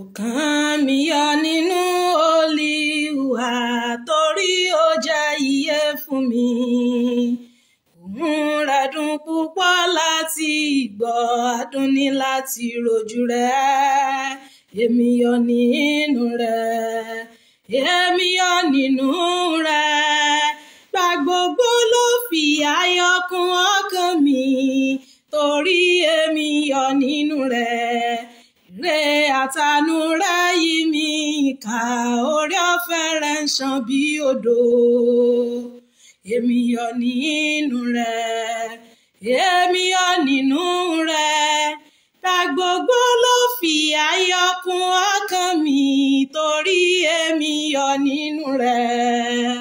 ọkàn mi yọ nínú Olúwa torí ó jẹ́ iye fún mi òun rẹ̀ dùn púpọ̀ láti gbọ́ adùn ní láti rojú rẹ̀ èmi yọ nínú rẹ̀ èmi yọ nínú rẹ̀ gbà gbogbo ló fi ayọ̀ ọkàn mi torí èmi yọ nínú rẹ̀ pé àtànúrà yìí mi kà orí ọ̀fẹ́ rẹ̀ ń ṣàn bí odò èmi yọ̀ nínú rẹ̀ èmi yọ̀ nínú rẹ̀ ta gbogbo ló fi ayọkun ọkàn mi torí èmi yọ̀ nínú rẹ̀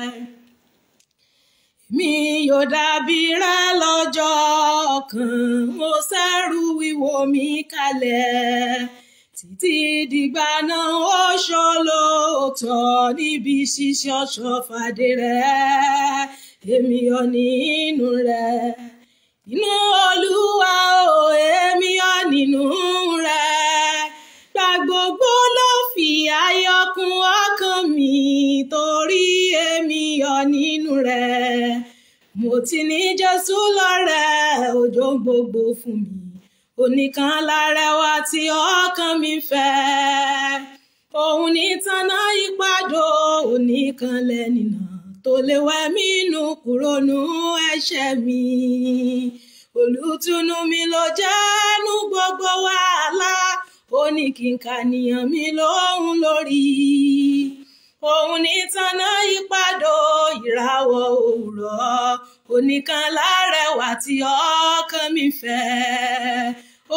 mi yóò dàbí rẹ lọ́jọ́ kan mo ṣẹ́rù wíwo mi kalẹ̀. Titi dìgbà náà ó ṣolóòótọ́ níbi ṣíṣe ọ̀ṣọ́ fàdé rẹ̀ èmi ò nínú rẹ̀ inú olúwa o èmi ò nínú rẹ̀ gba gbogbo ló fi ayọ̀kún ọkàn mi torí èmi ò nínú rẹ̀ mo ti ní Jésù lọ́rẹ̀ òjò gbogbo fún mi oníkan lárẹwà tí ọkàn mi fẹ́ òun ní tanná ìpàdó oníkan lẹ́nìnà tó lè wẹ̀ kúrò nù ẹ̀ṣẹ̀ mi olùtùnú mi ló jẹ́ nú gbogbo wàhálà ó ní kí n kàníyàn mi lóhun lórí òun ní tanná ìpàdó ìràwọ̀ òwúrọ̀ onìkan lárẹwà tí ọkàn mi fẹ́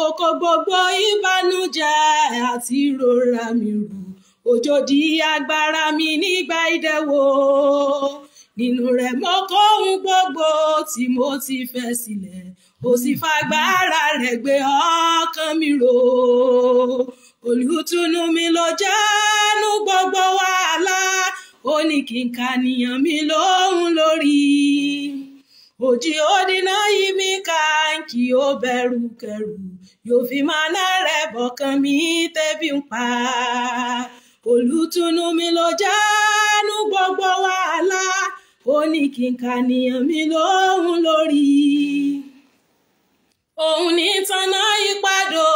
oko kó gbogbo ìbànújẹ́ àti ìrora mi rù òjò di agbára mi nígbà ìdẹwò nínú rẹ̀ mo kó ohun gbogbo tí mo ti fẹ́ sílẹ̀ ó sì fagbára rẹ̀ gbé ọkàn mi ró olùtùnú mi ló jẹ́nu gbogbo wàhálà ó ní kí n kàníyàn mi lóhùn lórí òjì òdìná yìí mi ká kí ó bẹ̀rù kẹrù yóò fi máa nárẹ̀ bọ̀kan mi tẹ́bí ń pa olùtùnú mi ló jáánú gbogbo wàhálà ó ní kí n kànìyàn mi lóhun lórí òun ní tanná ìpàdó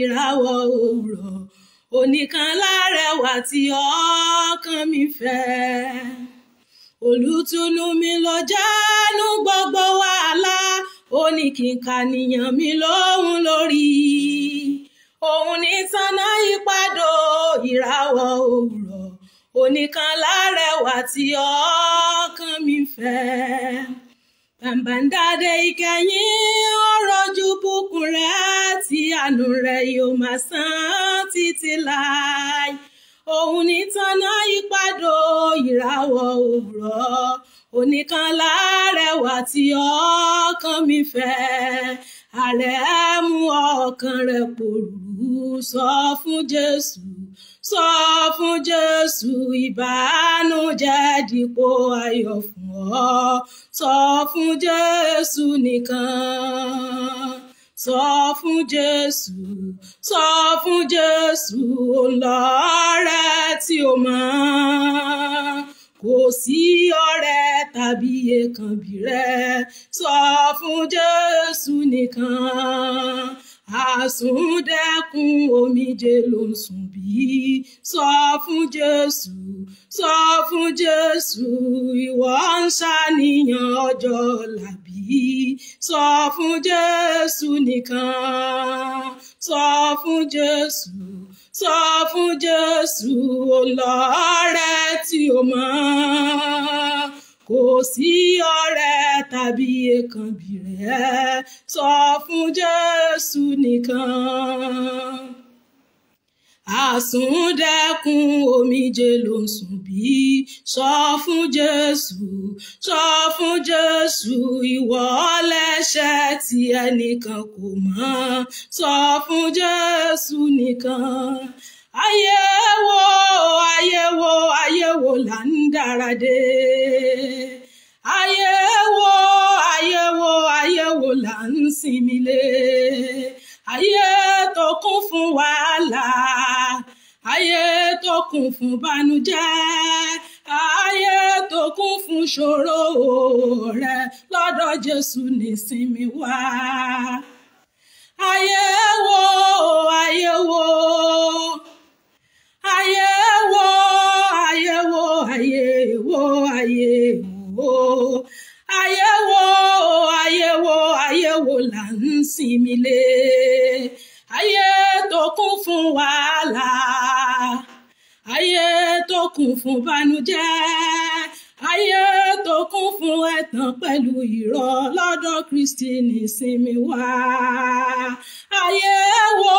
ìràwọ̀ òwúrọ̀ oníkan lárẹwà tí ọkàn mi fẹ́ olùtùnú mi lọ jáánú gbogbo wàhálà ó ní kí n kànìyàn mi lóhun lórí òun ní tanná ìpàdó ìràwọ̀ òwúrọ̀ oníkan lárẹwà tí ọkàn mi fẹ́ bàbáńdáde ìkẹyìn ọrọ̀jú bùkún rẹ̀ tí àánú rẹ̀ yóò máa sàn títí láì òun ní tanná yípadò ìràwọ̀ òwúrọ̀ oníkan lárẹwà tí ọkàn mi fẹ́ ààrẹ mú ọkàn rẹ̀ pòrú sọ fún Jésù sọ fún Jésù ìbànújẹ́ dípò ayọ̀ fún ọ sọ fún Jésù nìkan sọ fún jésù sọ fún jésù ọlọ́rẹ́ tí o mọ̀ kò sí ọ̀rẹ́ tàbí èkánbí rẹ̀ sọ fún jésù nìkan àsùndẹ̀kùn omijé ló ń sùn bí sọ fún jésù sọ fún jésù ìwọ ń ṣàníyàn ọjọ́ ọ̀la bí sọ fún jésù nìkan sọ fún jésù sọ fún jésù olọ́ọ̀rẹ́ tí o mọ̀ kò sí ọ̀rẹ́ tàbí èkánbí rẹ̀ sọ fún Jésù nìkan. Àsúndẹ̀kùn omijé ló ń sùn bí sọ fún Jésù sọ fún Jésù ìwọ lẹ́ṣẹ̀ tí ẹnìkan kò mọ̀ sọ fún Jésù nìkan ayéwo ayéwo ayéwo là ń dára dé ayéwo ayéwo ayéwo là ń sinmi lé ayé tó kún fún wàhálà ayé tó kún fún bànújẹ́ ayé tó kún fún ṣòro rẹ lọ́dọ̀ Jésù nísinmi wá ayé wo ayé wo. ayé wo ayé wo ayé wo ayé wo ayé wo là ń sinmi lé ayé tó kún fún wàhálà ayé tó kún fún bànújẹ́ ayé tó kún fún ẹ̀tàn pẹ̀lú irọ́ lọ́dọ̀ Kristi nísinmi wá ayé wo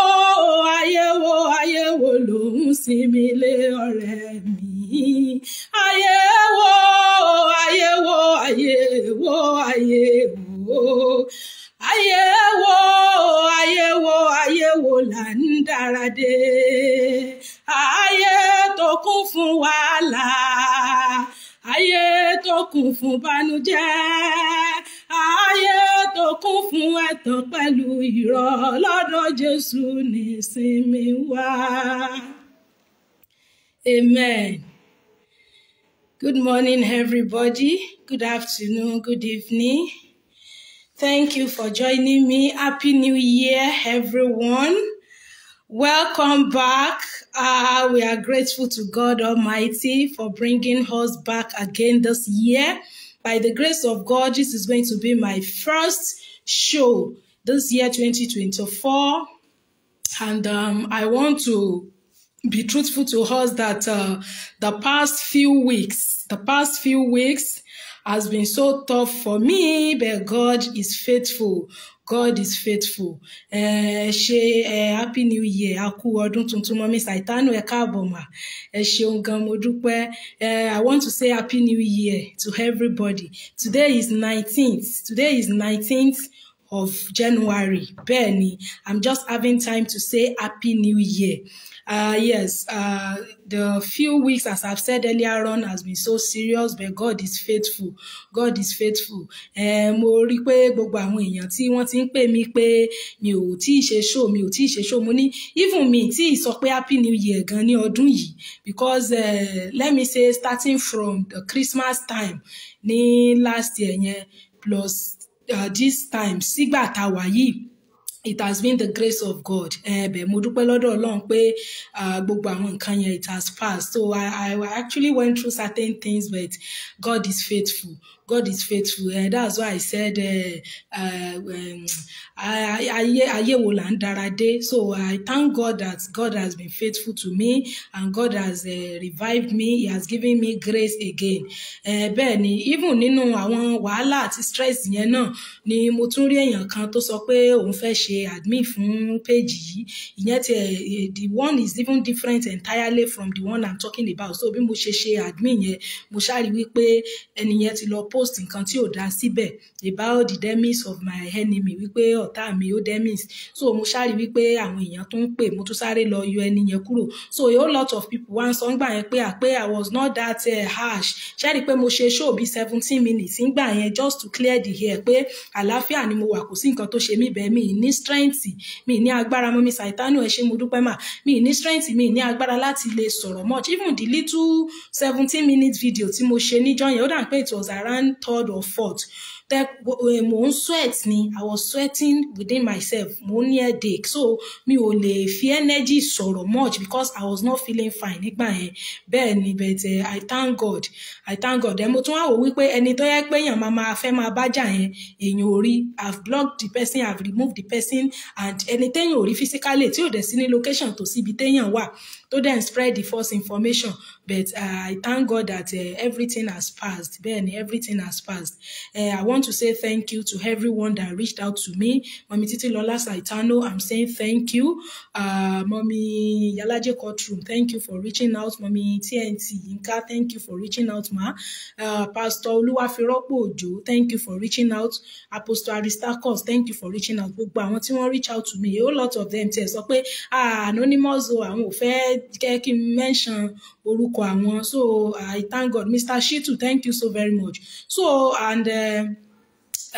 ayé wo ayé wo ló ń sinmi lé ọ̀rẹ́ mi ayé wo ayé wo ayé wo ayé wo ayé wo ayé wo ayé wo là ń dára dé ayé tó kún fún wàhálà. ayé tó kún fún bànújẹ́ ayé tó kún fún ẹ̀tàn pẹ̀lú irọ́ lọ́dọ̀ Jésù nísinmi wá. Amen. Good morning, everybody. Good afternoon, good evening. Thank you for joining me. Happy New Year, everyone. Welcome back. Uh, we are grateful to God Almighty for bringing us back again this year. By the grace of God, this is going to be my first show this year, 2024. And um, I want to be truthful to us that uh, the past few weeks, the past few weeks, has been so tough for me, but God is faithful. God is faithful. Ẹ ṣe ẹ happy new year a kú ọdún tuntun mọ́ mi Saitano ẹ káàbọ̀ mà ẹ ṣeun gan mo dúpẹ́. I want to say happy new year to everybody. Today is nineteenth. Today is nineteenth of January. Bẹ́ẹ̀ni, I'm just having time to say happy new year. Uh, yes, uh, the few weeks, as I've said earlier on, has been so serious, but God is faithful. God is faithful. Eh, mo rí i pé gbogbo àwọn èèyàn tí wọ́n ti ń pè mí pé mi ò tí ì ṣe show mi ò tí ì ṣe show mo ní even me tí ì sọ pé happy new year gan ní ọdún yìí because uh, let me say starting from the Christmas time ní last year yẹn plus uh, this time sígbà tá a wà yìí it has been the grace of God ẹ̀bẹ̀ mo dúpẹ́ lọ́dọ̀ Ọlọ́run pé gbogbo àwọn nǹkan yẹn it has passed so I, I actually went through certain things but God is faithful God is faithful. Uh, that's why I said, uh, uh, um, ayé wo là ń dára dé. So I thank God that God has been faithful to me and God has uh, revived me. He has given me grace again. Uh, bẹ́ẹ̀ even nínú àwọn wàhálà àti stress yẹn náà ni mo tún rí èèyàn kan tó sọ pé òun fẹ́ ṣe admin fún page yìí. Ìyẹn ti the one is even different entirely from the one I'm talking about. So bí mo ṣe ṣe admin yẹn, mo ṣáà rí wípé ẹni yẹn ti lọ post post nǹkan tí ò dá síbẹ̀ about the demise of my enemy wípé ọ̀tá mi ó demise so mo ṣáàrí wípé àwọn èèyàn tó ń pè mo tún sáré lọ yọ ẹni yẹn kúrò so a lot of people wá sọ ńgbà yẹn pé àpé ah, I was not that uh, harsh ṣáàrí pé mo ṣe show bíi seventeen minutes ńgbà yẹn just to clear the hair. pé àlàáfíà ni mo wà kò sí nǹkan tó ṣe mí bẹ́ẹ̀ mi ní strength mi ní agbára mọ́ mi ṣàìtánù ẹ̀ ṣe mo dúpẹ́ mà mi ní strength mi ní agbára láti lè sọ̀rọ̀ much even the little seventeen minute video tí mo ṣe níjọ́ yẹn ó dà pé it was around one third or fourth tẹ eh, mo ń sweat ni i was sweating within myself monia ní so me only lè energy sọ̀rọ̀ much because i was not feeling fine nígbà yẹn but uh, i thank god i thank god ẹ mo tún wá wò wípé ẹni tó yẹ pé èèyàn máa blocked the person I've removed the person and anything téèyàn physically tí the dẹ̀ location to see téèyàn wà To then spread the false information but uh, I thank God that uh, everything has passed Ben. everything has passed uh, I want to say thank you to everyone that reached out to me mọ̀mí Titi Lola saitano I'm saying thank you uh, mọ̀mí yalaje courtroom thank you for reaching out mọ̀mí TNT Inka, thank you for reaching out ma uh, Pastor Olúwafẹ́rọ́pọ̀ Òjó thank you for reaching out Apostle Aristarchus thank you for reaching out But I want wọ́n reach out to me a whole lot of them tẹ̀ sọ pé ah anonymous o àwọn ò jẹ́ kí n mention orúkọ àwọn so I thank God Mr. Shitu thank you so very much so and. Uh,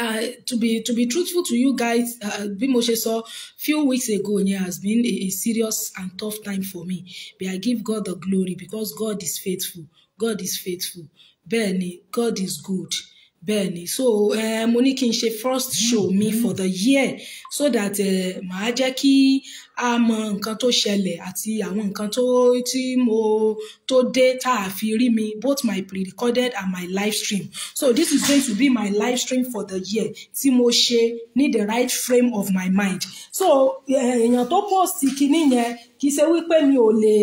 Uh, to be to be truthful to you guys uh, bí mo ṣe sọ few weeks ago yẹn has been a, a serious and tough time for me but I give God the glory because God is faithful God is faithful bẹ́ẹ̀ ni God is good bẹ́ẹ̀ ni so uh, mo ní kí n ṣe first show mi mm-hmm. for the year so that uh, màá jẹ́ kí a mọ nǹkan tó ṣẹlẹ̀ àti àwọn nǹkan tó tí mo tó dé tá a fi rí mi both my pre-recorded and my live stream so this is going to be my live stream for the year tí mo ṣe ní the right frame of my mind so e, èèyàn tó post kinní yẹn kì í ṣe wípé mi ò lè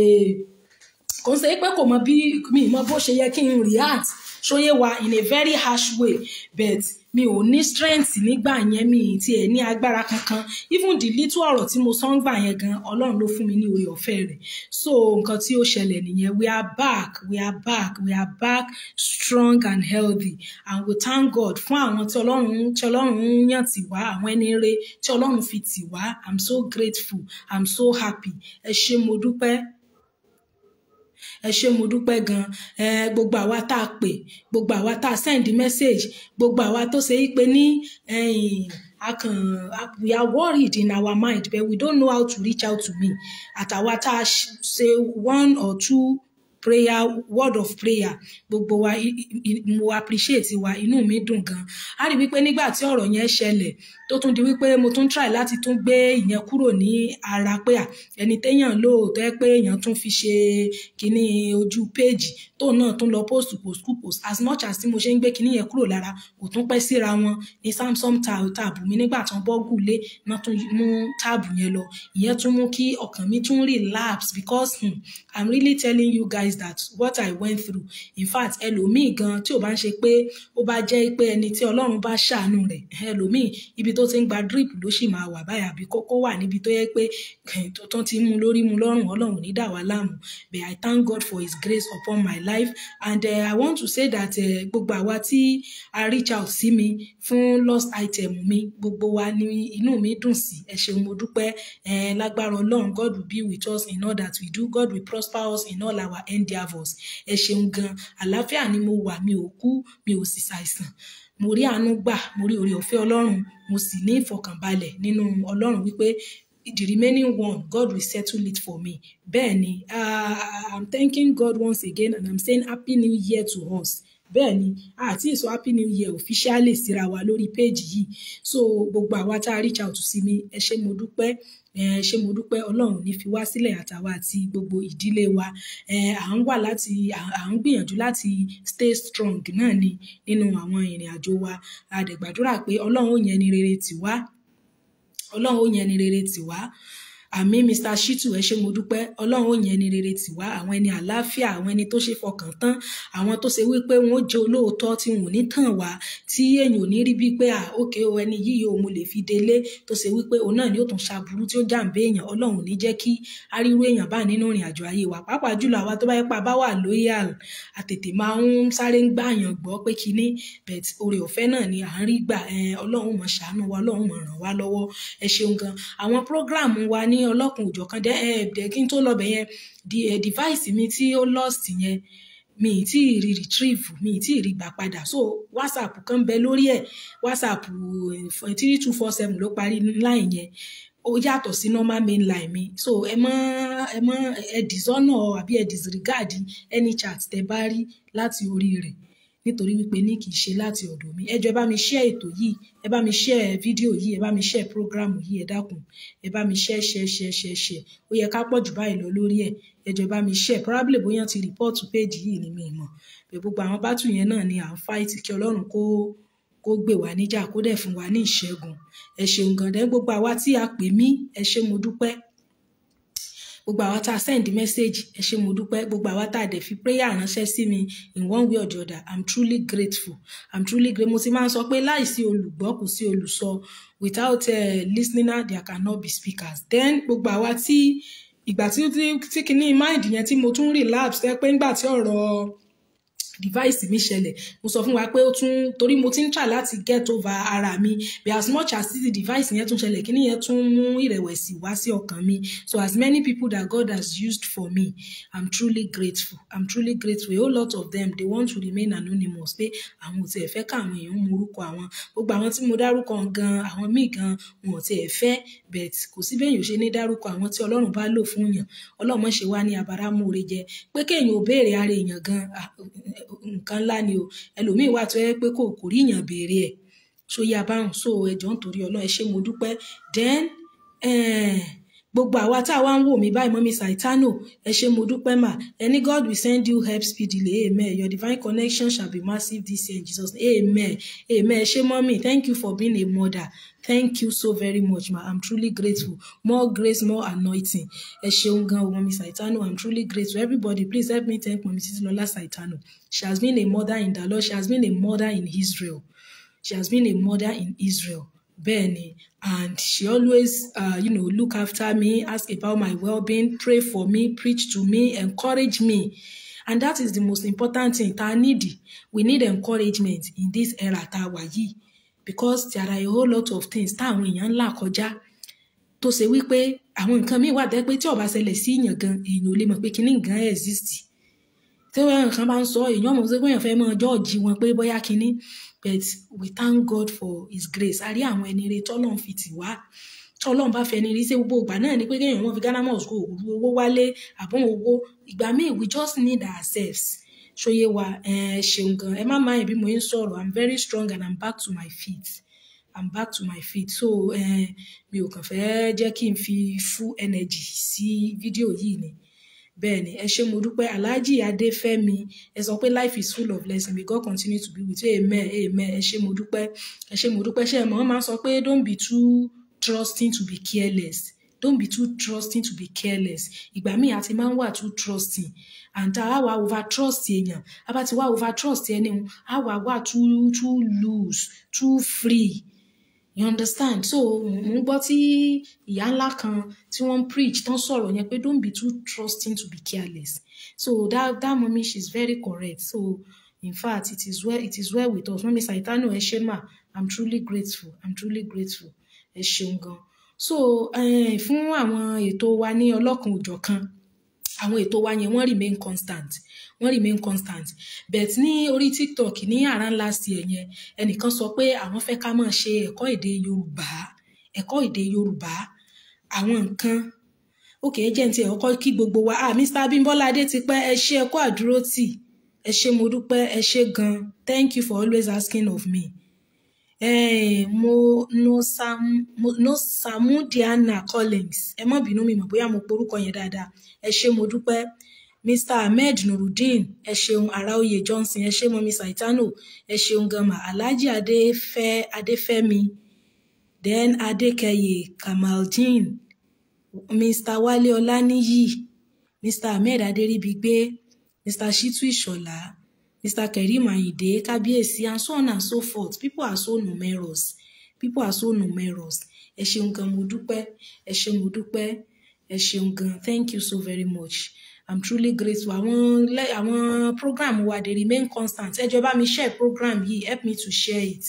kò ń ṣe pé kò mọ bí mi mọ bó ṣe yẹ kí n react ṣóyè wa in a very harsh way but mi ò ní strength nígbà yẹn mi ti ẹ̀ ní agbára kankan even the little ọ̀rọ̀ tí mo sọ ń gbà yẹn gan ọlọ́run ló fún mi ní oore ọ̀fẹ́ rẹ̀ so nǹkan tí ó ṣẹlẹ̀ nìyẹn we are back we are back we are back strong and healthy and we thank God fún àwọn tí ọlọ́run tí ọlọ́run yàn tì wá àwọn ẹni rere tí ọlọ́run fi tì wá i'm so grateful i'm so happy ẹ ṣé mo dúpẹ́ ẹ ṣé mo dúpẹ́ gan ẹ gbogbo àwa tá a pè gbogbo àwa tá a send message gbogbo àwa tó ṣe é pé ní akàn we are worried in our mind but we don't know how to reach out to me àtàwa tá a ṣe one or two prayer word of prayer gbogbo wa mo appreciate wa inú mi dùn gan a rí wípé nígbà tí ọ̀rọ̀ yẹn ṣẹlẹ̀ tó tún di wípé mo tún try láti tún gbé ìyẹn kúrò ní ara pé ẹni téèyàn lóòótọ́ pé èèyàn tún fi ṣe kínní ojú péèjì tóun náà tún lọ post post post as much as tí mo ṣe ń gbé kínní yẹn kúrò lára kò tún pẹ́ síra wọn ní samsung táàbù mi nígbà tán bọ́gù lé náà tún mú táàbù yẹn lọ ìyẹn tún mú kí ọkàn mi tún relapse because hmm, i'm really telling you guys realize that what I went through in fact ẹlòmíì gan tí ò bá ń ṣe pé ó bá jẹ́ pé ẹni tí Ọlọ́run bá ṣàánú rẹ̀ ẹlòmíì ibi tó ti ń gba drip ló sì máa wà báyà àbí kókó wà níbi tó yẹ pé tó ti mú lórí mú lọ́rùn Ọlọ́run ní dà láàmú but I thank God for his grace upon my life and uh, I want to say that eh, gbogbo àwa tí a reach out sí mi fún lost item mi gbogbo wa ni inú mi dùn sí ẹ ṣeun mo dúpẹ́ eh, lágbára Ọlọ́run God will be with us in all that we do God will prosper us in all our endeavours endeavours ẹ ṣeun gan àlàáfíà ni mo wà mi ò kú mi ò sì ṣàìsàn mo rí àánú gbà mo rí oore ọ̀fẹ́ ọlọ́run mo sì ní ìfọ̀kànbalẹ̀ nínú ọlọ́run wípé the remaining one God will settle it for me. Bẹ́ẹ̀ni, uh, ah, I'm thanking God once again and I'm saying happy new year to us bẹ́ẹ̀ ni àti ìsọ happy new year officially síra wa lórí péèjì yìí so gbogbo àwa tá a reach out sí mi ẹ ṣé mo dúpẹ́ ẹ ṣé mo dúpẹ́ ọlọ́run ní fi wá sílẹ̀ àtàwa àti gbogbo ìdílé wa ẹ à ń wà láti à ń gbìyànjú láti stay strong náà ni nínú àwọn ìrìn àjò wa a dẹ̀ gbàdúrà pé ọlọ́run ò yẹn ni rere tì wá ọlọ́run ò yẹn ni rere tì wá àmì mr shitu ẹ ṣé mo dúpẹ́ ọlọ́run yẹn ni rere tì wá àwọn ẹni àlàáfíà àwọn ẹni tó ṣe fọkàn tán àwọn tó ṣe wípé wọn ó jẹ olóòótọ́ tí wọn ò ní tàn wá tí èèyàn ò ní rí bíi pé à ókè o ẹni yìí o mo lè fi délé tó ṣe wípé òun náà ni ó tún ṣàbùrú tí ó jàǹbé èèyàn ọlọ́run ò ní jẹ́ kí ariwo èèyàn bá nínú ìrìn àjò ayé wa pàápàá jùlọ àwa tó bá yẹ pa bá wà loyal àtètè máa ń sáré ń gbàyàn gbọ́ pé kinní but oore ọ̀fẹ́ náà ni à ń rí gbà ọlọ́run mọ̀ ṣàánú wa ọlọ́run mọ̀ ràn wá lọ́wọ́ ẹ ṣeun gan àwọn prógráàmù wa ní ọlọ́kun òjọ̀kan dẹ́ ẹ dẹ́ kí n tó lọ bẹ̀ yẹn di ẹ device mi tí ó lost yẹn mi ì tí ì rí retrieve mi ì tí ì rí gbà padà so whatsapp kan bẹ lórí ẹ̀ whatsapp three two four seven ló parí line yẹn ó yàtọ̀ sí normal main line mi so ẹ mọ ẹ mọ ẹ dìsọ́nà àbí ẹ disregard any chat tẹ bá rí láti orí rẹ̀ nítorí wípé ní kì í ṣe láti ọ̀dọ̀ mi ẹ bá mi share ètò yìí ẹ bá mi share fídíò yìí ẹ bá mi share program yìí ẹ dákun ẹ bá mi share share share share share ó yẹ ká pọ̀ jù báyìí lọ lórí ẹ jọ bá mi share probably bóyá ti rìpọ́ọ̀tù péèjì yìí ni mi mọ̀ pé gbogbo àwọn bátù yẹn náà ni à ń fáìtì kí ọlọ́run kó kó gbè wá níjà kó dẹ̀ fún wa ní ìṣẹ́gun ẹ ṣeun gan-an gbogbo àwa tí a pè mí ẹ gbogbo àwa tá a send message ẹ ṣé mo dúpẹ́ gbogbo àwa tá a dẹ̀ fi prayer ránṣẹ́ sí mi in one way or the other i'm truly grateful i'm truly grateful mo ti máa ń sọ pé láìsí olùgbọ́ kò sí olùsọ without uh, eh, listener there cannot be speakers then gbogbo àwa tí ìgbà tí kìíní mind yẹn tí mo tún relapse ẹ pé ńgbà tí ọ̀rọ̀ device mi ṣẹlẹ̀ mo sọ fún wa pé ó tún torí mo ti ń try láti get over ara mi Be as much as the device yẹn tún ṣẹlẹ̀ kíní yẹn tún mú ìrẹ̀wẹ̀sì wá sí ọkàn mi so as many people that God has used for me I'm truly grateful I'm truly grateful a whole lot of them they want to remain anonymous pé àwọn ò tiẹ̀ fẹ́ káwọn èèyàn mú orúkọ àwọn gbogbo àwọn tí mo dárúkọ gan àwọn míì gan wọn ò tiẹ̀ fẹ́ but kò sí bẹ́ẹ̀ yóò ṣe ní dárúkọ àwọn tí ọlọ́run bá lò fún yàn ọlọ́run ṣe wá ní abara múre jẹ pé kéèyàn ò béèrè ara èèyàn gan nǹkan ńlá ni o ẹlòmíì wà tó yẹ pé kò kò rí èèyàn béèrè ẹ̀ so yá báhùn so ẹjọ́ nítorí ọlọ́run ẹ ṣé mo dúpẹ́ then. Eh, gbogbo àwa tá a wá ń wò mí báyìí mọ́mí saitano ẹ ṣe mo dúpẹ́ mà ẹni god will send you help speedily amen your divine connection shall be massive this year in jesus amen amen ẹ ṣe mọ́mí thank you for being a mother thank you so very much ma i'm truly grateful more grace more anointing ẹ ṣeun gan o mọ́mí saitano i'm truly grateful everybody please help me thank mọ́mí Lola saitano she has been a mother in the lord she has been a mother in israel she has been a mother in israel Benny. And she always, uh, you know, look after me, ask about my well-being, pray for me, preach to me, encourage me. And that is the most important thing. Ta need. We need encouragement in this era ta wà yìí. Because there are a whole lot of things táwọn èèyàn ń là kọjá tó ṣe wípé àwọn nǹkan míì wà dẹ́ pé tí ó bá ṣẹlẹ̀ sí èèyàn gan èèyàn ò lè mọ̀ pé kíní gan exist tí wọn kan bá ń sọ èèyàn mọ̀ sí pé èèyàn fẹ́ mọ jọ́ọ̀jì wọn pé bóyá kinní but we thank God for his grace a rí àwọn ẹni rẹ tọ́lọ́n fi tì wá tọ́lọ́n bá fẹ́ ni rí sí gbogbo ìgbà náà ni pé kéèyàn wọn fi Ghana mọ̀ sí òru owó wálé àbọ̀n owó ìgbà míì we just need ourselves ṣòye wa ẹ ṣeun gan ẹ má máa ẹ bí mo ń sọ̀rọ̀ I'm very strong and I'm back to my feet i'm back to my feet so mi ò kàn fẹ́ jẹ́ kí n fi full energy sí fídíò yìí ni. Bẹ́ẹ̀ni, ẹ ṣé mo dúpẹ́. Alhaji Adefemi, ẹ sọ pé life is full of blessing. May God continue to be with you. Amen. Amen. Ẹ ṣé mo dúpẹ́. Ẹ ṣé mo dúpẹ́. Ṣé ẹ mọ̀ wọ́n máa ń sọ pé don't be too trusting to be careless. Don't be too trusting to be careless. Ìgbà míì a ti máa ń wà too trusting. And a wá over trust èèyàn. A bá over trust ẹni, a wá wà too too loose, too free you understand so mo gbọ́ tí ìyá ńlá kan tí wọ́n preach tán sọ̀rọ̀ yẹn pé don't be too trusting to be careless so that that she is very correct so in fact it is well it is well with us mọ́mí saitano ẹ ṣé mà i'm truly grateful i'm truly grateful ẹ ṣeun gan so eh, fún àwọn ètò wa ní ọlọ́kan òjọ̀kan àwọn ètò wa yẹn wọ́n remain constant wọ́n remain constant but ní orí tiktok ní around last year yẹn ẹnìkan sọ pé àwọn fẹ́ ká máa ṣe ẹ̀kọ́ èdè yorùbá ẹ̀kọ́ èdè yorùbá àwọn nǹkan òkè jẹ́ ní ti ẹ̀kọ́ kí gbogbo wa ah mr abimbola adé ti pẹ́ ẹ ṣe ẹ̀kọ́ àdúró tì ẹ ṣe mo dúpẹ́ ẹ ṣe gan thank you for always asking of me um mo nosamudiana collins ẹ má bínú mi mọ̀ bóyá mo porúkọ yẹn dáadáa ẹ ṣé mo dúpẹ́ mr ahmed Nurudin. ẹ ṣeun araoye johnson ẹ ṣé mọmi saitano ẹ ṣeun gama alhaji adefẹ adefẹmi then adekeye kamaldeen mr wale Olaniyi. mr ahmed adéribigbe mr shitu Ishola. Mr. Karim Ayinde kábíyèsí and so on and so forth people are so numerous people are so numerous ẹ ṣeun thank you so very much i'm truly grateful àwọn àwọn program where they remain constant ẹ jọ bá mi share program yìí help me to share it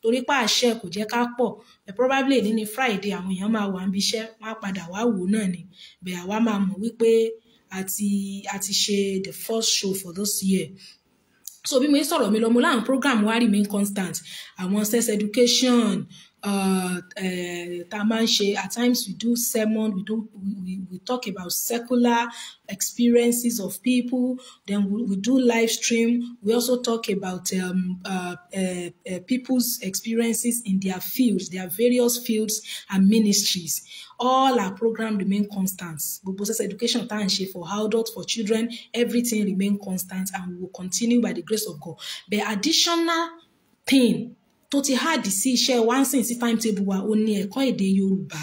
torí require àṣẹ kò jẹ́ ká pọ̀ probably in ni friday I'm èèyàn máa wà níbi iṣẹ́ wọ́n á padà wá wò náà ni bẹ̀rẹ̀ àwa máa mọ̀ the first show for this year so bí mo ń sọ̀rọ̀ mi lọ mo láwọn program wá rí mi constant àwọn sex education uh, uh, eh, tá at times we do sermon we do we, we talk about secular experiences of people then we, we do live stream we also talk about um, uh, uh, uh, people's experiences in their fields their various fields and ministries all our program remain constant gbogbo sex education tá à ń for adult for children everything remain constant and we will continue by the grace of God but additional thing tó ti háàdì sí iṣẹ́ wa ń sìn sí timetable wa ó ní ẹ̀kọ́ èdè Yorùbá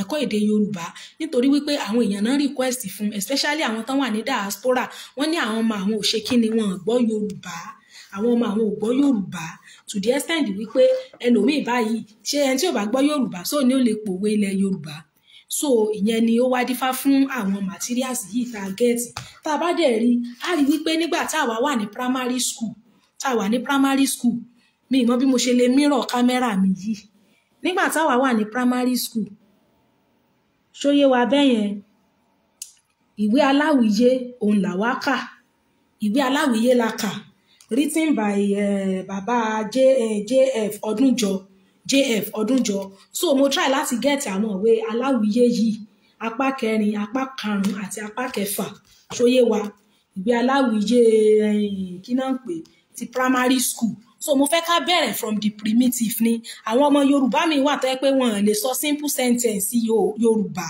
ẹ̀kọ́ èdè Yorùbá nítorí wípé àwọn èèyàn náà request fún especially àwọn tán wà ní diaspora wọ́n ní àwọn ọmọ àwọn òṣè kí ni wọ́n gbọ́ Yorùbá àwọn ọmọ àwọn ò gbọ́ Yorùbá to the extent wípé ẹlòmíì báyìí ṣé ẹni tí ò bá gbọ́ Yorùbá sóò ní ò lè pòwe ilẹ̀ Yorùbá so ìyẹn ni ó wá dífá fún àwọn materials yìí tá a gẹ́ẹ̀tì tá a bá dẹ̀ rí a rí wípé nígbà tá a wà wà ní primary school tá a wà ní primary school mi mọ bí mo ṣe lè mírọ̀ kámẹ́rà mi yìí nígbà táwa wà ní primary school ṣóyé wa bẹ́ẹ̀ yẹn ìwé aláwìyé òun làwa kà ìwé aláwìyé la kà written by uh, bàbá J, uh, jf ọdúnjọ jf ọdúnjọ so mo try láti get àwọn ìwé aláwìyé yìí apá kẹrin apá karùnún àti apá kẹfà ṣóyé wa ìwé aláwìyé uh, kí náà ń pè ti primary school so mo fẹ́ ká bẹ̀rẹ̀ from the primitive ni àwọn ọmọ yorùbá mi wà tó yẹ pé wọ́n lè sọ simple sentence yorùbá